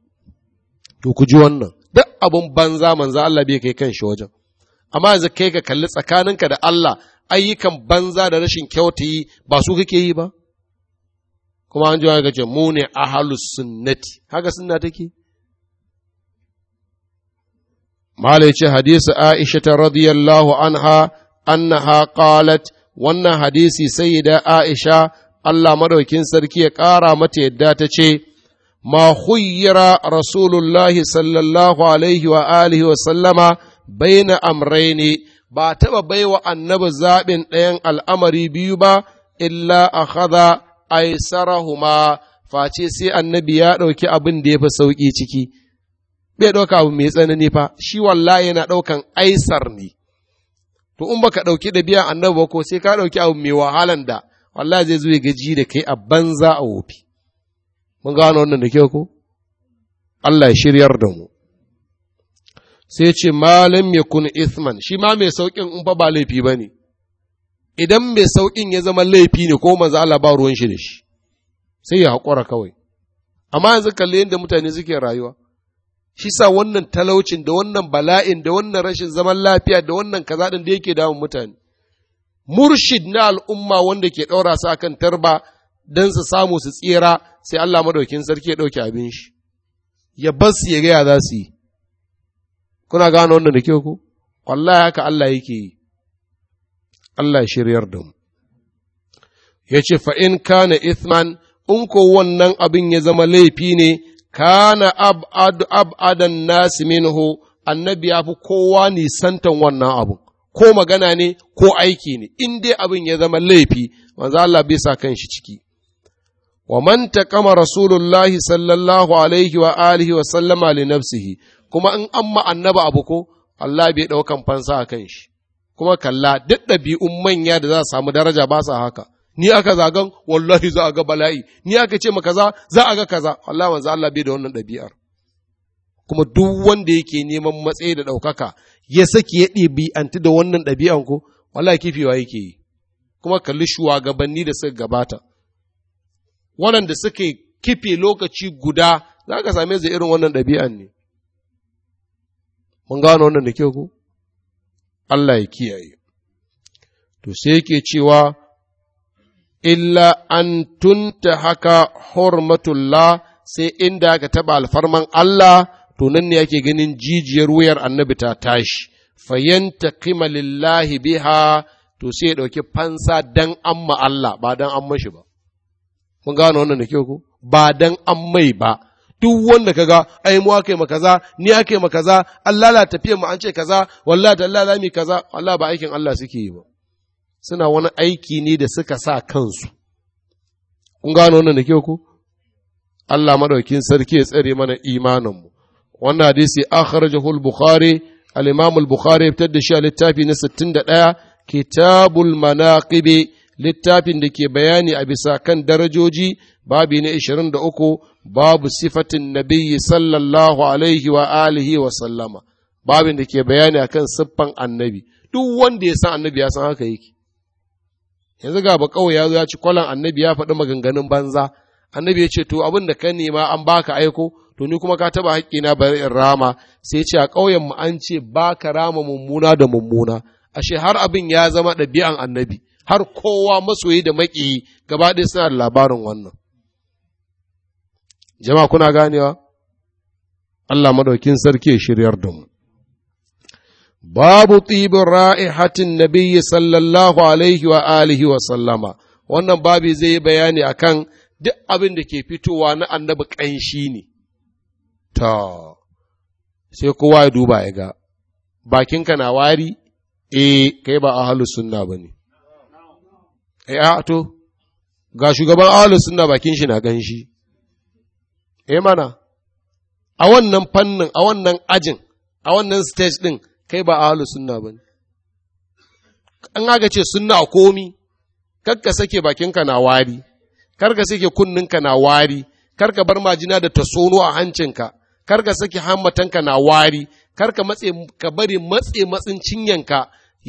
to ku ji wannan duk abin banza manzo Allah bai kai kan shi wajen amma yanzu kai ka kalli tsakaninka da Allah ayyukan banza da rashin kyauta yi ba su kake yi ba kuma an ji wani kace mu ne ahlus sunnati haka sunna take Malai ce hadisi aisha radiyallahu anha annaha qalat wannan hadisi sai da aisha allah madaukin sarki ya ƙara mata yadda ta ce ma khuyyira rasulullahi sallallahu alaihi wa alihi wa sallama baina amraini ba taɓa baiwa annabi zaɓin ɗayan al'amari biyu ba illa a haza aisarahuma face sai annabi ya ɗauki abin da ya fi sauƙi ciki bai ɗauka abu mai tsanani fa shi wallahi yana ɗaukan aisar ne to in baka ɗauki ɗabi'a annabi ba ko sai ka ɗauki abu mai wahalan da wallahi zai zo ya gaji da kai a banza a wofi mun gano wannan da ke ko Allah ya shiryar da mu sai ce malam ya kun isman shi ma mai sauƙin in fa ba laifi ba ne idan mai saukin ya zama laifi ne ko manzo Allah ba ruwan shi da shi sai ya haƙura kawai amma yanzu kalle yadda mutane suke rayuwa shi sa wannan talaucin da wannan bala'in da wannan rashin zaman lafiya da wannan kazaɗin da yake damun mutane murshid na al'umma wanda ke ɗaura su akan tarba don su samu su tsira sai Allah madaukin sarki ya ɗauki abin shi ya bar su ya gaya za su yi kuna gano wannan da kyau ku wallahi haka Allah yake yi Allah shiryar da mu ya ce fa'in kana ithman in ko wannan abin ya zama laifi ne kana ab'adu ab'adan nasi minhu annabi ya fi kowa nisantan wannan abu ko magana ne ko aiki ne in dai abin ya zama laifi manzo Allah bai sa kanshi ciki wa man taqama rasulullahi sallallahu alaihi wa alihi wa sallama li nafsihi kuma in amma annabi abu ko Allah bai daukan fansa a kanshi, kuma kalla duk ɗabi'un manya da za su samu daraja ba su haka ni aka zagan wallahi za a ga bala'i ni aka ce ma kaza za a ga kaza Allah manzo Allah bai da wannan ɗabi'ar kuma duk wanda yake neman matsayi da ɗaukaka ya saki ya ɗabi'anti da wannan ɗabi'an ko wallahi kifewa yake yi kuma kalli shugabanni da suka gabata waɗanda suka kife lokaci guda za ka same su irin wannan ɗabi'an ne mun gano wannan da kyau ku Allah ya kiyaye to sai yake cewa illa an tunta haka hormatullah sai inda aka taɓa alfarman Allah to nan ne yake ganin jijiyar wuyar annabi ta tashi fayanta kima lillahi biha to sai ya ɗauki fansa dan amma Allah ba dan an mashi ba mun gano wannan da ke ku. ba dan an mai ba duk wanda kaga ai mu akai ma kaza ni akai ma kaza Allah la tafiya mu an ce kaza wallahi ta Allah lami kaza Allah ba aikin Allah suke yi ba suna wani aiki ne da suka sa kansu kun gano wannan da kyau ku Allah madaukin sarki ya tsare mana imaninmu wannan hadisi akhrajahu al-bukhari al bukhari ya fitar da shi a littafi na 61 kitabul manaqib littafin da ke bayani a bisa kan darajoji babi na 23 babu sifatin nabiyyi sallallahu alaihi wa alihi wa sallama babin da ke bayani akan siffan annabi duk wanda ya san annabi ya san haka yake yanzu ga kawai ya zo ya ci kwalan annabi ya faɗi maganganun banza annabi ya ce to abin da ka nema an baka aiko to ni kuma ka taba na bari in rama sai ce a ƙauyen mu an ce baka rama mummuna da mummuna ashe har abin ya zama ɗabi'an annabi har kowa masoyi da maƙiyi gaba ɗaya suna da labarin wannan jama'a kuna ganewa Allah madaukin sarki ya shiryar da mu babu tibin ra'ihatin nabiyyi sallallahu alaihi wa alihi wa sallama wannan babi zai yi bayani akan duk abin da ke fitowa na annabi ƙanshi ne ta sai kowa ya duba ya ga bakinka na wari eh kai ba ahlus sunna bane eh a to ga shugaban ahlus sunna bakin shi na ganshi eh mana a wannan fannin a wannan ajin a wannan stage din kai ba ahlus sunna ba ne an aka ce sunna a komi karka sake bakinka na wari karka sake kunninka na wari karka bar majina da tasono a hancinka karka sake hammatanka na wari karka matse ka bari matse matsin cinyanka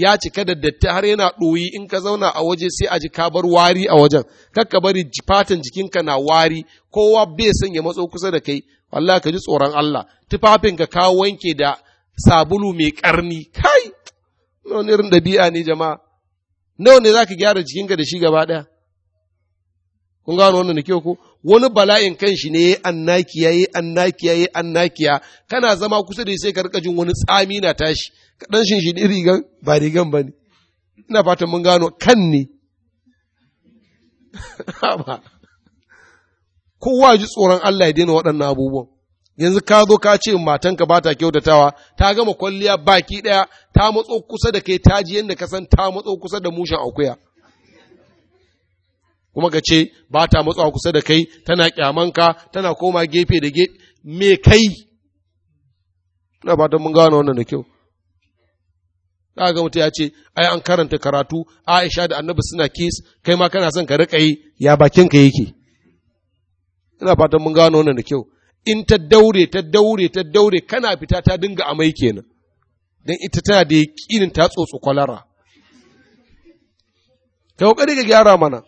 ya cika da datti har yana ɗoyi in ka zauna a waje sai a ji ka bar wari a wajen karka bari fatan jikinka na wari kowa bai son ya matso kusa da kai wallahi ka ji tsoron Allah tufafinka ka wanke da sabulu mai ƙarni, kai, ne irin ɗabi'a ne jama'a, nawa ne za ka gyara jikinka da shi gaba ɗaya? Kun gano wannan da kyau ko? Wani bala'in kan shi ne annakiya ya annakiya ya annakiya kana zama kusa da sai ka rika jin wani tsami na tashi kaɗan shin shi rigan ba rigan ba ne. Ina fatan mun gano kan ne. [LAUGHS] Kowa ji tsoron Allah ya daina waɗannan abubuwan. yanzu ka zo ka ce matanka ba ta kyautatawa ta gama kwalliya baki ɗaya ta matso kusa da kai ta ji yadda ka san ta matso kusa da mushen akuya kuma ka ce ba ta matso kusa da kai tana kyamanka tana koma gefe da gefe me kai na ba mun gano wannan da kyau za ga mutu ya ce ai an karanta karatu aisha da annabi suna kis kai ma kana son ka riƙa yi ya bakinka yake ina fatan mun gano wannan da kyau in ta daure ta daure ta daure kana fita ta dinga amai kenan don ita tana da ƙinin ta tsotsu kwalara ka kokari ka gyara mana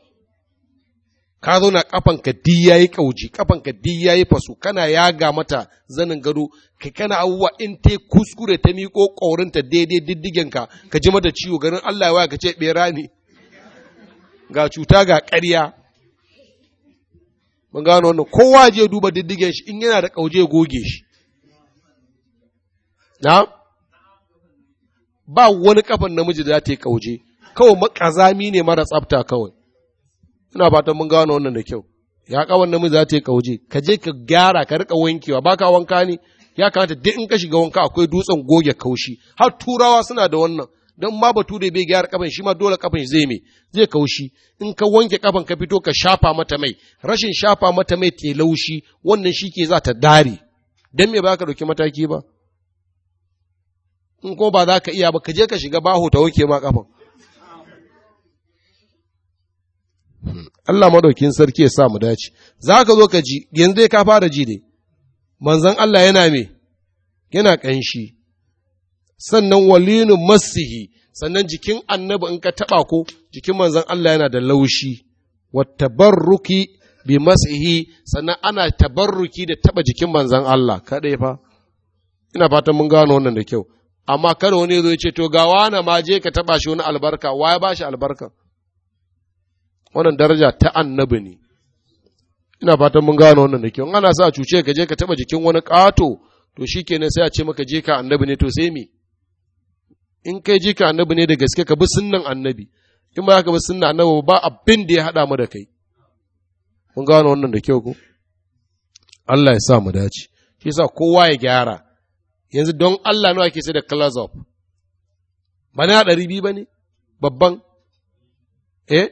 ka zo na kafan ka di yayi kauji kafan ka di yayi faso kana yaga mata zanin gado kai kana abubuwa in ta kuskure ta miko ta daidai diddigen ka ka ji mata ciwo garin Allah ya waya ka ce bera ne ga cuta ga karya. mun gano wannan kowa je duba diddigen shi in yana da kauje goge shi na ba wani kafan namiji da ta yi kauje kawai makazami ne mara tsafta kawai ina fatan mun gano wannan da kyau ya kawan namiji za ta yi kauje ka je ka gyara ka rika wankewa ba ka wanka ne ya kamata duk in ka shiga wanka akwai dutsen goge kaushi har turawa suna da wannan don ma bature bai gyara kafan shi ma dole kafan zai mai zai kaushi in ka wanke kafan ka fito ka shafa mata mai rashin shafa mata mai te laushi wannan shi ke za ta dare don me ba ka ɗauki mataki ba in ko ba za ka iya ba ka je ka shiga baho ta wanke ma kafan Allah madaukin sarki ya sa mu dace za ka zo ka ji yanzu dai ka fara ji dai manzon Allah yana me yana kanshi sannan walinu masihi sannan jikin annabi in ka taɓa ko jikin manzon Allah yana da laushi wattabarruki bi masihi sannan ana tabarruki da taɓa jikin manzon Allah kaɗai fa ina fatan mun gano wannan da kyau amma kada wani zo ya ce to ga wani ma je ka taɓa shi wani albarka wa ya ba shi albarka wannan daraja ta annabi ne ina fatan mun gano wannan da kyau ana sa cuce ka je ka taba jikin wani ƙato to shikenan sai a ce maka je ka annabi ne to sai me in kai ka annabi ne da gaske ka bi sunnan annabi in ba ka bi sunnan annabi ba abin da ya haɗa mu da kai mun gano wannan da kyau ko Allah ya sa mu dace shi yasa kowa ya gyara yanzu don Allah nawa ke sai da class up ba na ɗari biyu ba ne babban eh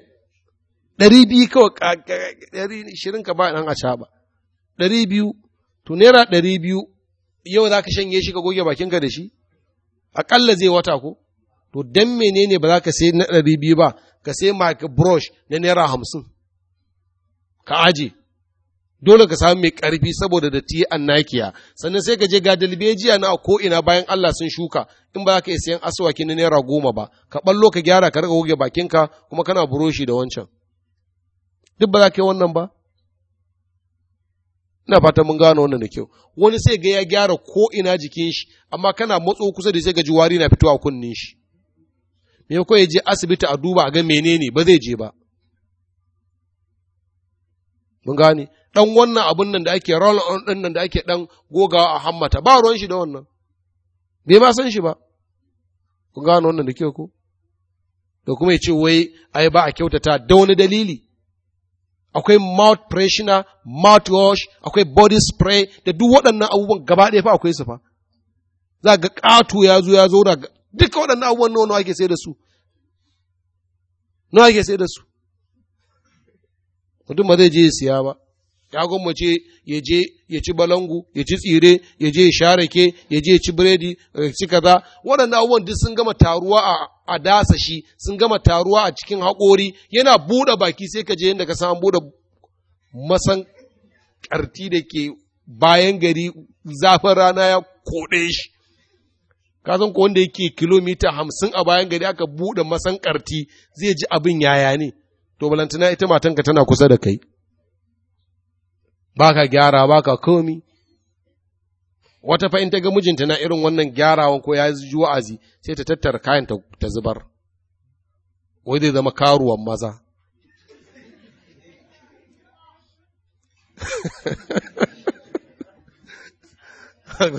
ɗari biyu kawai ɗari shirin ka ba nan a caɓa ɗari biyu to naira ɗari biyu yau za ka shanye shi ka goge bakinka da shi aƙalla zai wata ko to dan menene ba za ka sai na ɗari biyu ba ka sai maka brush na naira hamsin ka aje dole ka samu mai ƙarfi saboda da ti nakiya sannan sai ka je ga dalbejiya na ko ina bayan Allah sun shuka in ba za ka iya sayan aswaki na naira goma ba ka ballo ka gyara ka rika goge bakinka kuma kana buroshi da wancan duk ba za ka yi wannan ba ina fata mun gano wannan da kyau wani sai ga ya gyara ko ina jikin shi amma kana matso kusa da sai ga juwari na fitowa kunnin shi me ko ya je asibiti a duba a ga menene ba zai je ba mun gane dan wannan abun nan da ake roll on din nan da ake dan gogawa a hammata ba ruwan shi da wannan bai ma san shi ba kun gano wannan da kyau ko da kuma ya ce wai ai ba a kyautata da wani dalili akwai mouth pressure mouth wash akwai body spray da duk waɗannan abubuwan gaba ɗaya fa akwai su fa za ga ƙato ya zo ya zo da duka waɗannan abubuwan nawa ake sai da su nawa ake sai da su mutum ba zai je siya ba ya gwammace ya je ya ci balangu ya ci tsire ya je ya sharake ke ya je ya ci biredi ya ci kaza waɗannan abubuwan duk sun gama taruwa a a dasa shi sun gama taruwa a cikin haƙori yana buɗe baki sai ka je yadda ka samu buɗe masan ƙarti da ke bayan gari zafin rana ya koɗe shi ka ko wanda yake kilomita hamsin a bayan gari aka buɗe masan ƙarti zai ji abin yaya ne to balantana ita matanka tana kusa da kai ba ka gyara ba ka komi wata fa in ta ga mijinta na irin wannan gyarawan ko ya ji wa'azi sai ta tattara kayan ta zubar wai zai zama karuwan maza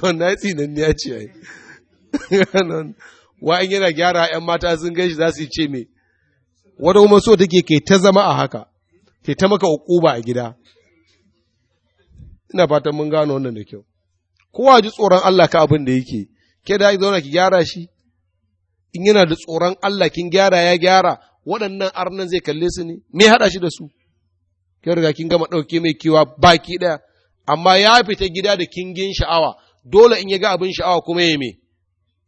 wannan tsinan ya ce ai wa'in yana gyara ‘yan mata sun shi za su ce me, Wadau kuma so take ke ta zama a haka, ke ta maka ukuba a gida, ina fatan mun gano wannan da kyau kowa ji tsoron Allah ka abin da yake ke da zauna ki gyara shi in yana da tsoron Allah kin gyara ya gyara waɗannan arnan zai kalle su ne me haɗa shi da su kin riga kin gama ɗauke mai kiwa baki ɗaya amma ya fita gida da kingin sha'awa dole in ya ga abin sha'awa kuma ya me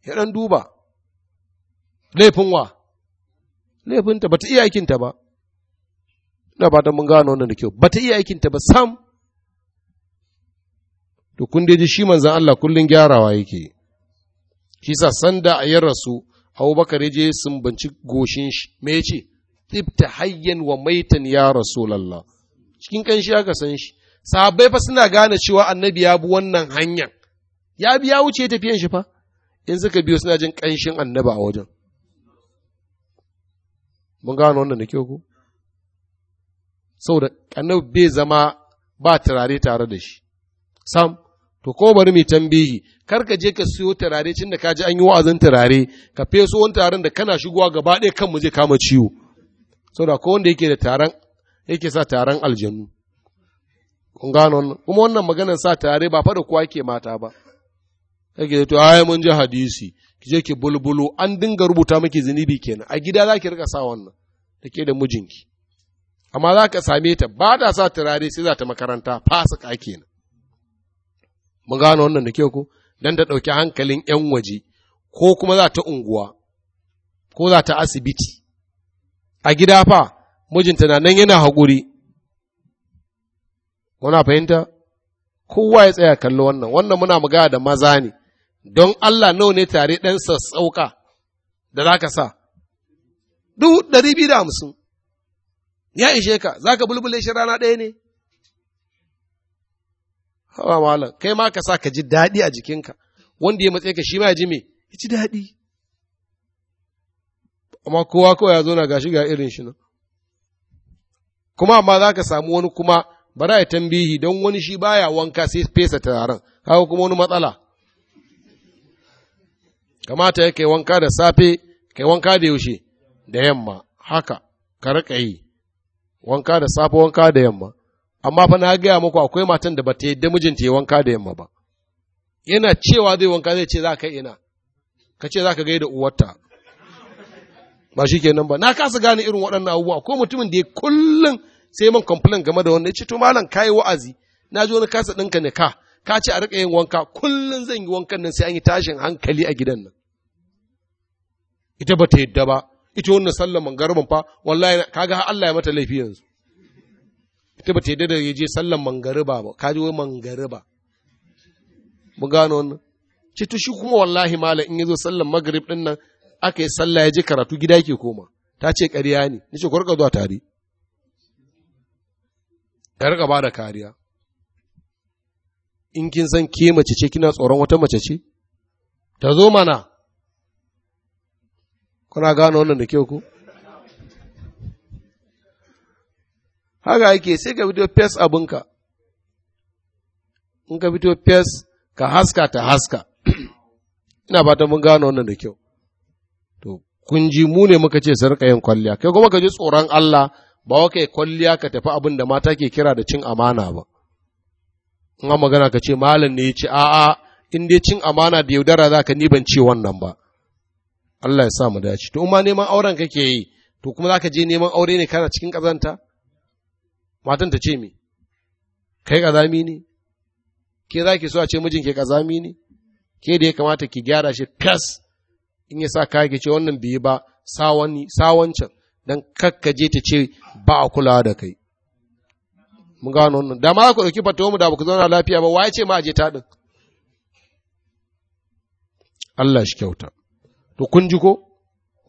ya dan duba laifin wa laifinta bata iya aikinta ba ina ba mun gano wannan da kyau bata iya aikinta ba sam to kun dai shi manzan Allah kullun gyarawa yake shi sa sanda a ya rasu Abubakar ya je banci goshin shi me yace tibta hayyan wa maitan ya rasulullah cikin kanshi aka san shi sahabbai fa suna gane cewa annabi ya bi wannan hanyar ya bi ya wuce tafiyan shi fa in suka biyo suna jin kanshin annabi a wajen mun gano wannan da kyau ko saboda annabi bai zama ba turare tare da shi sam to ko bari mai tambihi kar ka je ka siyo turare cin da ka ji an yi wa'azin turare ka feso wani taron da kana shigowa gaba ɗaya kanmu zai kama ciwo saboda ko wanda yake da taron yake sa taron aljanu kun gano kuma wannan maganar sa tare ba fa da kowa ke mata ba kake to ai mun ji hadisi ki je ki bulbulo an dinga rubuta maki zunubi kenan a gida zaki rika sa wannan take da mijinki amma za ka same ta ba ta sa turare sai za ta makaranta fasika kenan mun gano wannan da kyau ku. dan ta ɗauki hankalin 'yan waje ko kuma za ta unguwa ko za ta asibiti a gida fa mijinta na nan yana haƙuri kuna fahimta kowa ya tsaya kallo wannan wannan muna magana da maza ne don Allah nawa ne tare ɗan sassauka da za ka sa duk ɗari biyu da hamsin ya ishe ka za ka bulbule shi rana ɗaya ne hawa malam kai ma ka sa ka ji daɗi a jikinka wanda ya matse ka shi ma ya ji me ya ji daɗi amma kowa kowa ya zo na gashi ga irin shi nan kuma amma za ka samu wani kuma ba za ya tambihi don wani shi baya wanka sai fesa turaren kawo kuma wani matsala kamata ya kai wanka da safe kai wanka da yaushe da yamma haka ka yi wanka da safe wanka da yamma amma fa na gaya muku akwai matan da ba ta yadda mijinta ya wanka da yamma ba yana cewa zai wanka zai ce za ka ina ka ce za ka gaida uwarta ba shi ke nan ba na kasa gane irin waɗannan abubuwa ko mutumin da ya kullum sai man complain game da wannan ya ce to malam yi wa'azi na ji wani kasa ɗinka ne ka ka ce a riƙa yin wanka kullum zan yi wankan nan sai an yi tashin hankali a gidan nan ita ba ta yadda ba ita wannan sallar mangarban fa wallahi kaga Allah ya mata laifi yanzu ita ba ta yadda da ya je sallan mangariba ba ka ji wai mangariba mu gano wannan ce to shi kuma wallahi malam in yazo sallan magrib din nan aka yi sallah ya je karatu gida yake koma ta ce ƙarya ne nace ku rika zuwa tare ka rika ba da kariya in kin san ke mace ce kina tsoron wata mace ce ta zo mana kuna gano wannan da kyau ko haka yake sai ka fito fes abinka in ka fito fes ka haska ta haska [CLEARS THROAT] ina fatan mun gano wannan da kyau to kun ji mu ne muka ce su rika yin kwalliya kai kuma ka ji tsoron Allah ba wa kai kwalliya ka tafi abin da mata ke kira da cin amana ba in magana ka ce malam ne ya ce a'a in dai cin amana da yaudara za ka ni ban ce wannan ba Allah ya sa mu dace to in ma neman auren kake yi to kuma za ka je neman aure ne kana cikin kazanta matan ta ce me kai kazami ne ke za ki so a ce mijin ke kazami ne ke da ya kamata ki gyara shi fes in ya sa kaya ki ce wannan bai ba sa don kakka je dan kakkaje ta ce ba a kulawa da kai mun gano wannan da ma ku dauki fatawa mu da ba ku zauna lafiya ba waye ce ma je ta din Allah shi kyauta to kun ji ko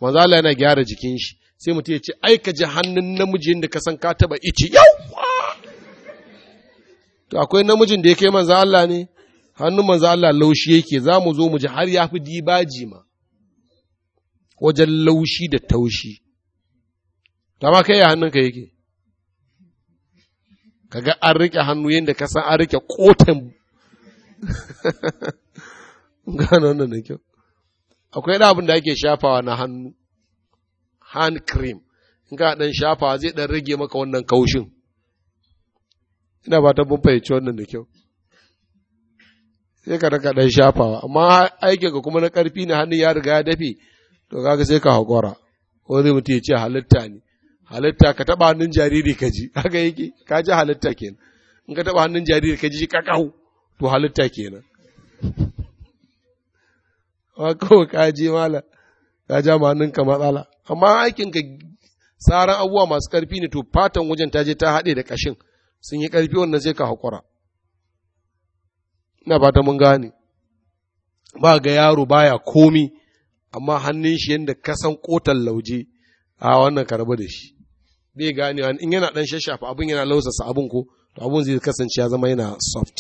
manzo Allah yana gyara jikin shi sai mutum ya ce ai ka ji hannun namijin da ka san ka taba ici yau to akwai namijin da ya kai manzo Allah ne hannun manzo Allah laushi yake za mu zo mu ji har ya fi dibaji ma wajen laushi da taushi ma kai ya ka yake kaga an rike hannu yadda ka san an rike kotan [LAUGHS] gano nan da kyau akwai abin da ake shafawa na hannu hand cream in ka dan shafa zai dan rage maka wannan kaushin ina ba ta mun fahimci wannan da kyau sai ka raka dan shafawa amma aikin ka kuma na karfi ne hannun ya riga ya dafe to kaga sai ka hakura wani mutum ya ce halitta ne halitta ka taba hannun jariri ka ji haka yake ka ji halitta kenan in ka taba hannun jariri ka ji kakau to halitta kenan wa kawai ka ji mala ka ja ma hannun ka matsala amma aikin ga saran abubuwa masu ƙarfi ne to fatan wajen ta je ta haɗe da ƙashin sun yi ƙarfi wannan sai ka haƙura ina fata mun gane ba ga yaro baya komi amma hannun shi yadda kasan ƙotan lauje a wannan karba da shi bai gane in yana ɗan shashafa abin yana lausasa abin ko to abin zai kasance ya zama yana soft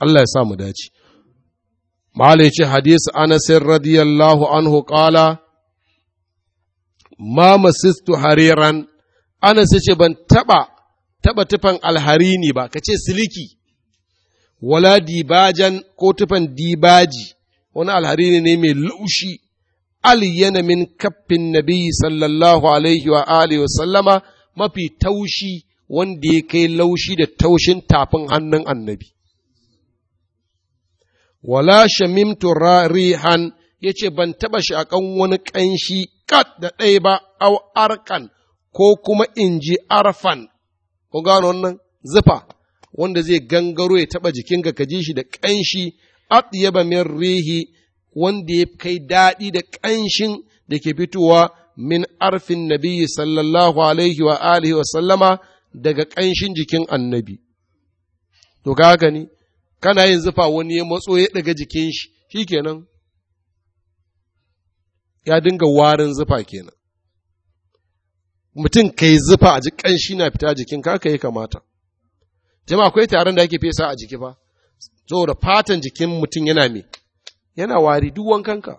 Allah ya sa mu dace Mala ya ce hadisi anasir radiyallahu anhu kala. ma masistu hariran ana sai ce ban taba taba tufan alharini ba ka ce siliki wala dibajan ko tufan dibaji wani alharini ne mai laushi aliyana min kaffin nabi sallallahu alaihi wa alihi wa sallama mafi taushi wanda ya kai laushi da taushin tafin hannun annabi. Wala shamimtu rihan ya ce ban taɓa shaƙan wani ƙanshi kat da ɗai ba, au arkan ko kuma in ji arfan, ko gano wannan zufa, wanda zai gangaro ya taɓa jikin ka kaji shi da ƙanshi, ba min rihi wanda ya kai daɗi da ƙanshin da ke fitowa min arfin nabiyyi sallallahu alaihi wa alihi wa sallama daga ƙanshin jikin annabi. To ka gani, kana yin zufa wani ya matso ya ɗaga jikin shi, shi kenan ya dinga warin zufa kenan mutum kai zufa a jikin shi na fita jikin ka haka kamata jama akwai taron da ake fesa a jiki fa saboda fatan jikin mutum yana me yana wari duk wankanka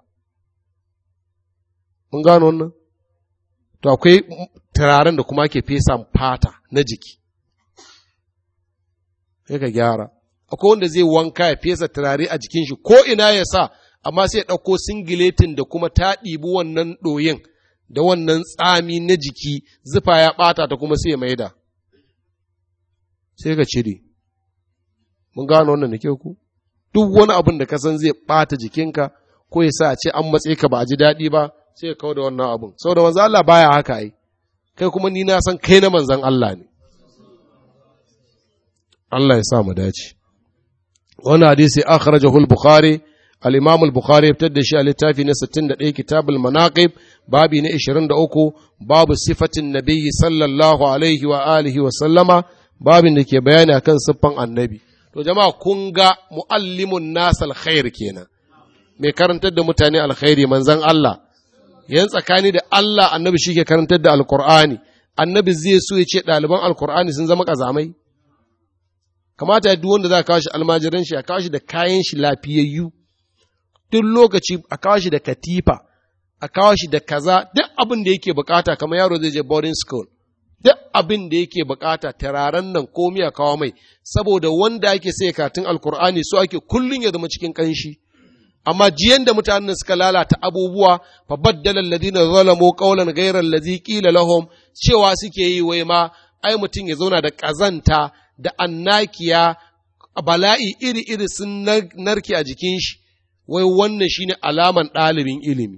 mun gano wannan to akwai turaren da kuma ke fesa fata na jiki sai ka gyara akwai wanda zai wanka ya fesa turare a jikin shi ko ina ya sa amma sai ya ɗauko singiletin da kuma ta ɗibi wannan ɗoyin da wannan tsami na jiki zufa ya ɓata ta kuma sai ya maida sai ka cire mun gano wannan da kyau ku duk wani abin da ka san zai ɓata jikinka ko ya sa a ce an matse ka ba a ji daɗi ba sai ka kawo da wannan abin da manzan Allah baya haka ai kai kuma ni na san kai na manzan Allah ne Allah ya sa mu dace wannan hadisi akhrajahu al-bukhari al-imam bukhari ya fitar da shi a littafi na 61 kitabul manaqib babi na 23 babu sifatin nabiyyi sallallahu alaihi wa alihi wa sallama babin da ke bayani akan siffan annabi to jama'a kun ga muallimun nas alkhair kenan mai karantar da mutane alkhairi manzon Allah yan tsakani da Allah annabi shi ke karantar da alkur'ani annabi zai so ya ce ɗaliban alkur'ani sun zama kazamai kamata duk wanda za kashe kawo almajiran shi a kawo da kayan shi lafiyayyu duk lokaci a kawo shi da katifa a kawo shi da kaza duk abin da yake bukata kamar yaro zai je boarding school duk abin da yake bukata tararen nan komi a kawo mai saboda wanda ake sai katin alkur'ani so ake kullun ya zama cikin kanshi amma jiyan da mutanen suka lalata abubuwa fa baddala alladhina zalamu qawlan ghayra alladhi qila lahum cewa suke yi wai ma ai mutum ya zauna da kazanta da annakiya bala'i iri-iri sun narke a jikin shi wai wannan shine alaman ɗalibin ilimi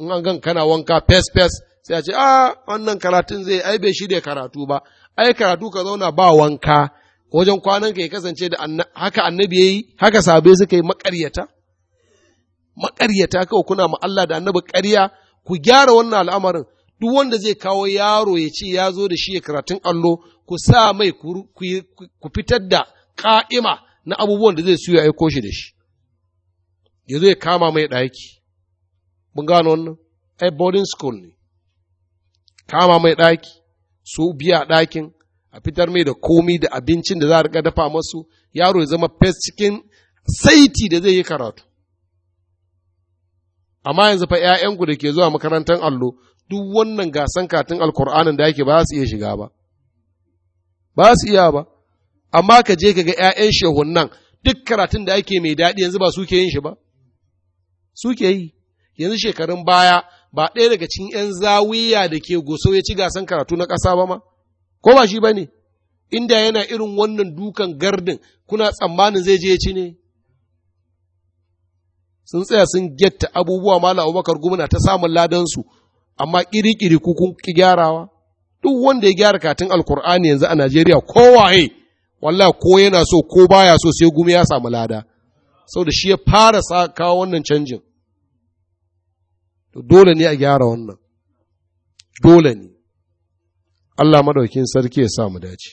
in an gan kana wanka fes fes sai a ce a ah, wannan karatun zai ai bai shirya karatu ba ai karatu ka zauna ba wanka wajen kwanan ka ya kasance da haka annabi yayi haka sabai suka yi makaryata makaryata kawai kuna ma Allah da annabi ƙarya ku gyara wannan al'amarin duk wanda zai kawo yaro ya ce ya zo da shi ya karatun allo ku sa mai ku fitar da ka'ima na abubuwan da zai suya ya aiko shi da shi ya zo ya kama mai ɗaki mun gano wannan ai boarding school ne kama mai ɗaki su biya ɗakin a fitar mai da komi da abincin da za a dafa masu yaro ya zama fes cikin saiti da zai yi karatu amma yanzu fa 'ya'yanku da ke zuwa makarantar allo duk wannan gasan katin alkur'anin da yake ba su iya shiga ba ba su iya ba amma ka je ka ga 'ya'yan shehun nan duk karatun da ake mai daɗi yanzu ba su ke yin shi ba suke yi yanzu shekarun baya ba ɗaya daga cikin 'yan zawiya da ke goso ya ci gasan karatu na ƙasa ba ma ko ba shi ba ne inda yana irin wannan dukan gardin kuna tsammanin zai je ci ne sun tsaya sun getta abubuwa mala abubakar gumna ta samun ladansu amma ƙiri-ƙiri kukun ki gyarawa duk wanda ya gyara katin alkur'ani yanzu a najeriya kowaye walla ko yana so ko baya so sai gumi ya samu lada sau da shi ya fara kawo wannan canjin To dole ne a gyara wannan dole ne Allah madaukin sarki ya sa dace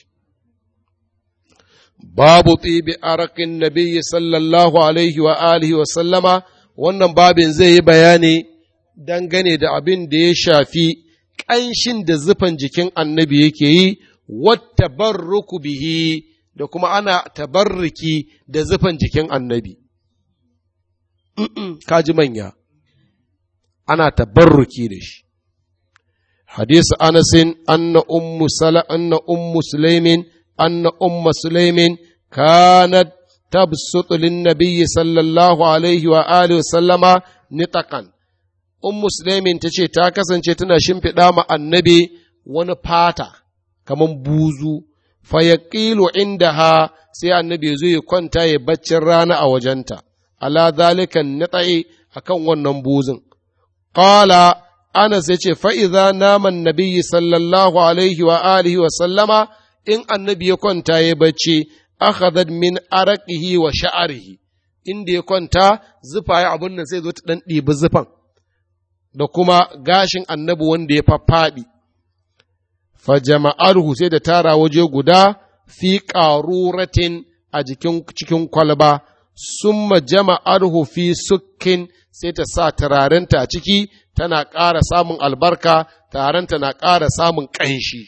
babu tsibi arakin nabiyyi sallallahu alaihi wa alihi wa sallama wannan babin zai yi bayani dangane da abin da ya shafi ƙanshin da zufan jikin annabi yake yi wata barruku bihi da kuma ana tabarriki da zufan jikin annabi kaji manya ana tabarruki da shi hadisi anasin anna ummu sala anna ummu sulaimin anna ummu sulaimin kanat tabsutu linnabiyyi sallallahu alaihi wa alihi sallama nitakan ummu sulaimin tace ta kasance tana shimfiɗa ma annabi wani fata kaman buzu Fa fayaqilu indaha sai annabi zo ya kwanta ya baccin rana a wajenta ala zalikan nita'i akan wannan buzun Ƙala, Anas ya ce, fa'iza naman nabiyyi sallallahu alaihi wa wa sallama in annabi ya kwanta ya bacci, akhadhat min araqihi wa sha'arihi. Inda ya kwanta, zufa ya abin nan sai zo ta ɗan ɗibi zufan, da kuma gashin annabi wanda ya faɗi. Fa jama'arhu sai da tara waje guda fi ƙaruratin a jikin cikin kwalba, summa jama'arhu fi sukkin sai ta sa turarenta a ciki tana ƙara samun albarka turarenta na ƙara samun ƙanshi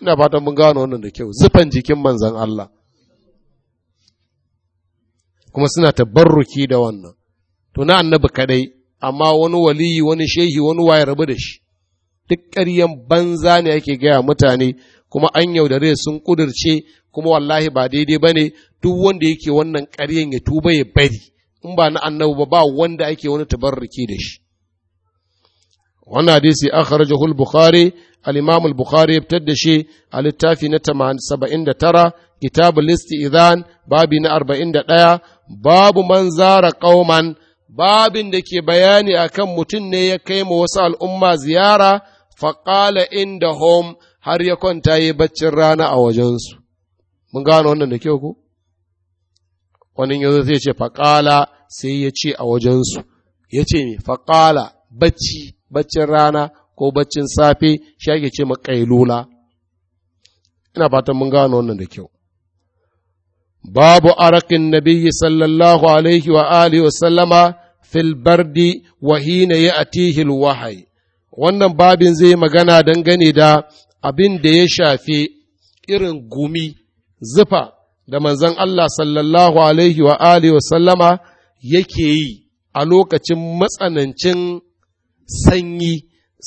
ina fatan mun gano wannan da kyau zufan jikin manzan Allah kuma suna tabarruki da wannan to na annabi kadai amma wani waliyi wani shehi wani waye rabu da shi duk ƙaryan banza ne ake gaya mutane kuma an yaudare sun kudirce kuma wallahi ba daidai ba ne duk wanda yake wannan ƙaryan ya tuba ya bari in ba na annabu ba ba wanda ake wani tabarriki da shi wannan hadisi akhrajahu al-bukhari al-imam al-bukhari ya da shi a littafi na 79 kitab al-istizan babi na 41 babu man zara qauman babin da ke bayani akan mutum ne ya kai ma wasu al'umma ziyara faƙala inda home har ya kwanta yi baccin rana a wajensu. Mun gano wannan da kyau ku? Wani yanzu zai ce faƙala sai ya ce a wajensu ya ce mai faƙala bacci baccin rana ko baccin safe shi ake ce ma ƙailula ina fatan mun gano wannan da kyau babu arakin nabiyyi sallallahu alaihi wa alihi wa sallama fil bardi wa hina ya atihil wahai wannan babin zai magana dangane da abin da ya shafi irin gumi zufa da manzon Allah sallallahu alaihi wa alihi wa sallama yake yi a lokacin matsanancin sanyi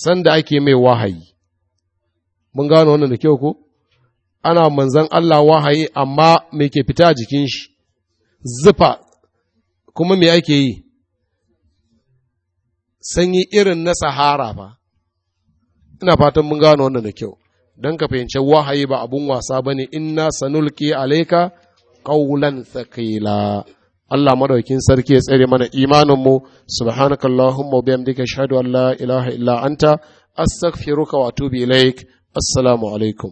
sanda ake mai wahayi. Mun gano wannan da kyau ko? Ana manzan Allah wahayi amma me ke fita jikin shi, zufa kuma me ake yi? Sanyi irin na Sahara ba. Ina fatan mun gano wannan da kyau, don ka fahimci wahayi ba abun wasa ba ne, inna sanulki alaika ƙaulan tsakila. Allah madaukin sarki ya tsare mana imanin mu subhanakallahumma wa bihamdika ashhadu an la ilaha illa anta astaghfiruka wa atubu ilaik assalamu alaikum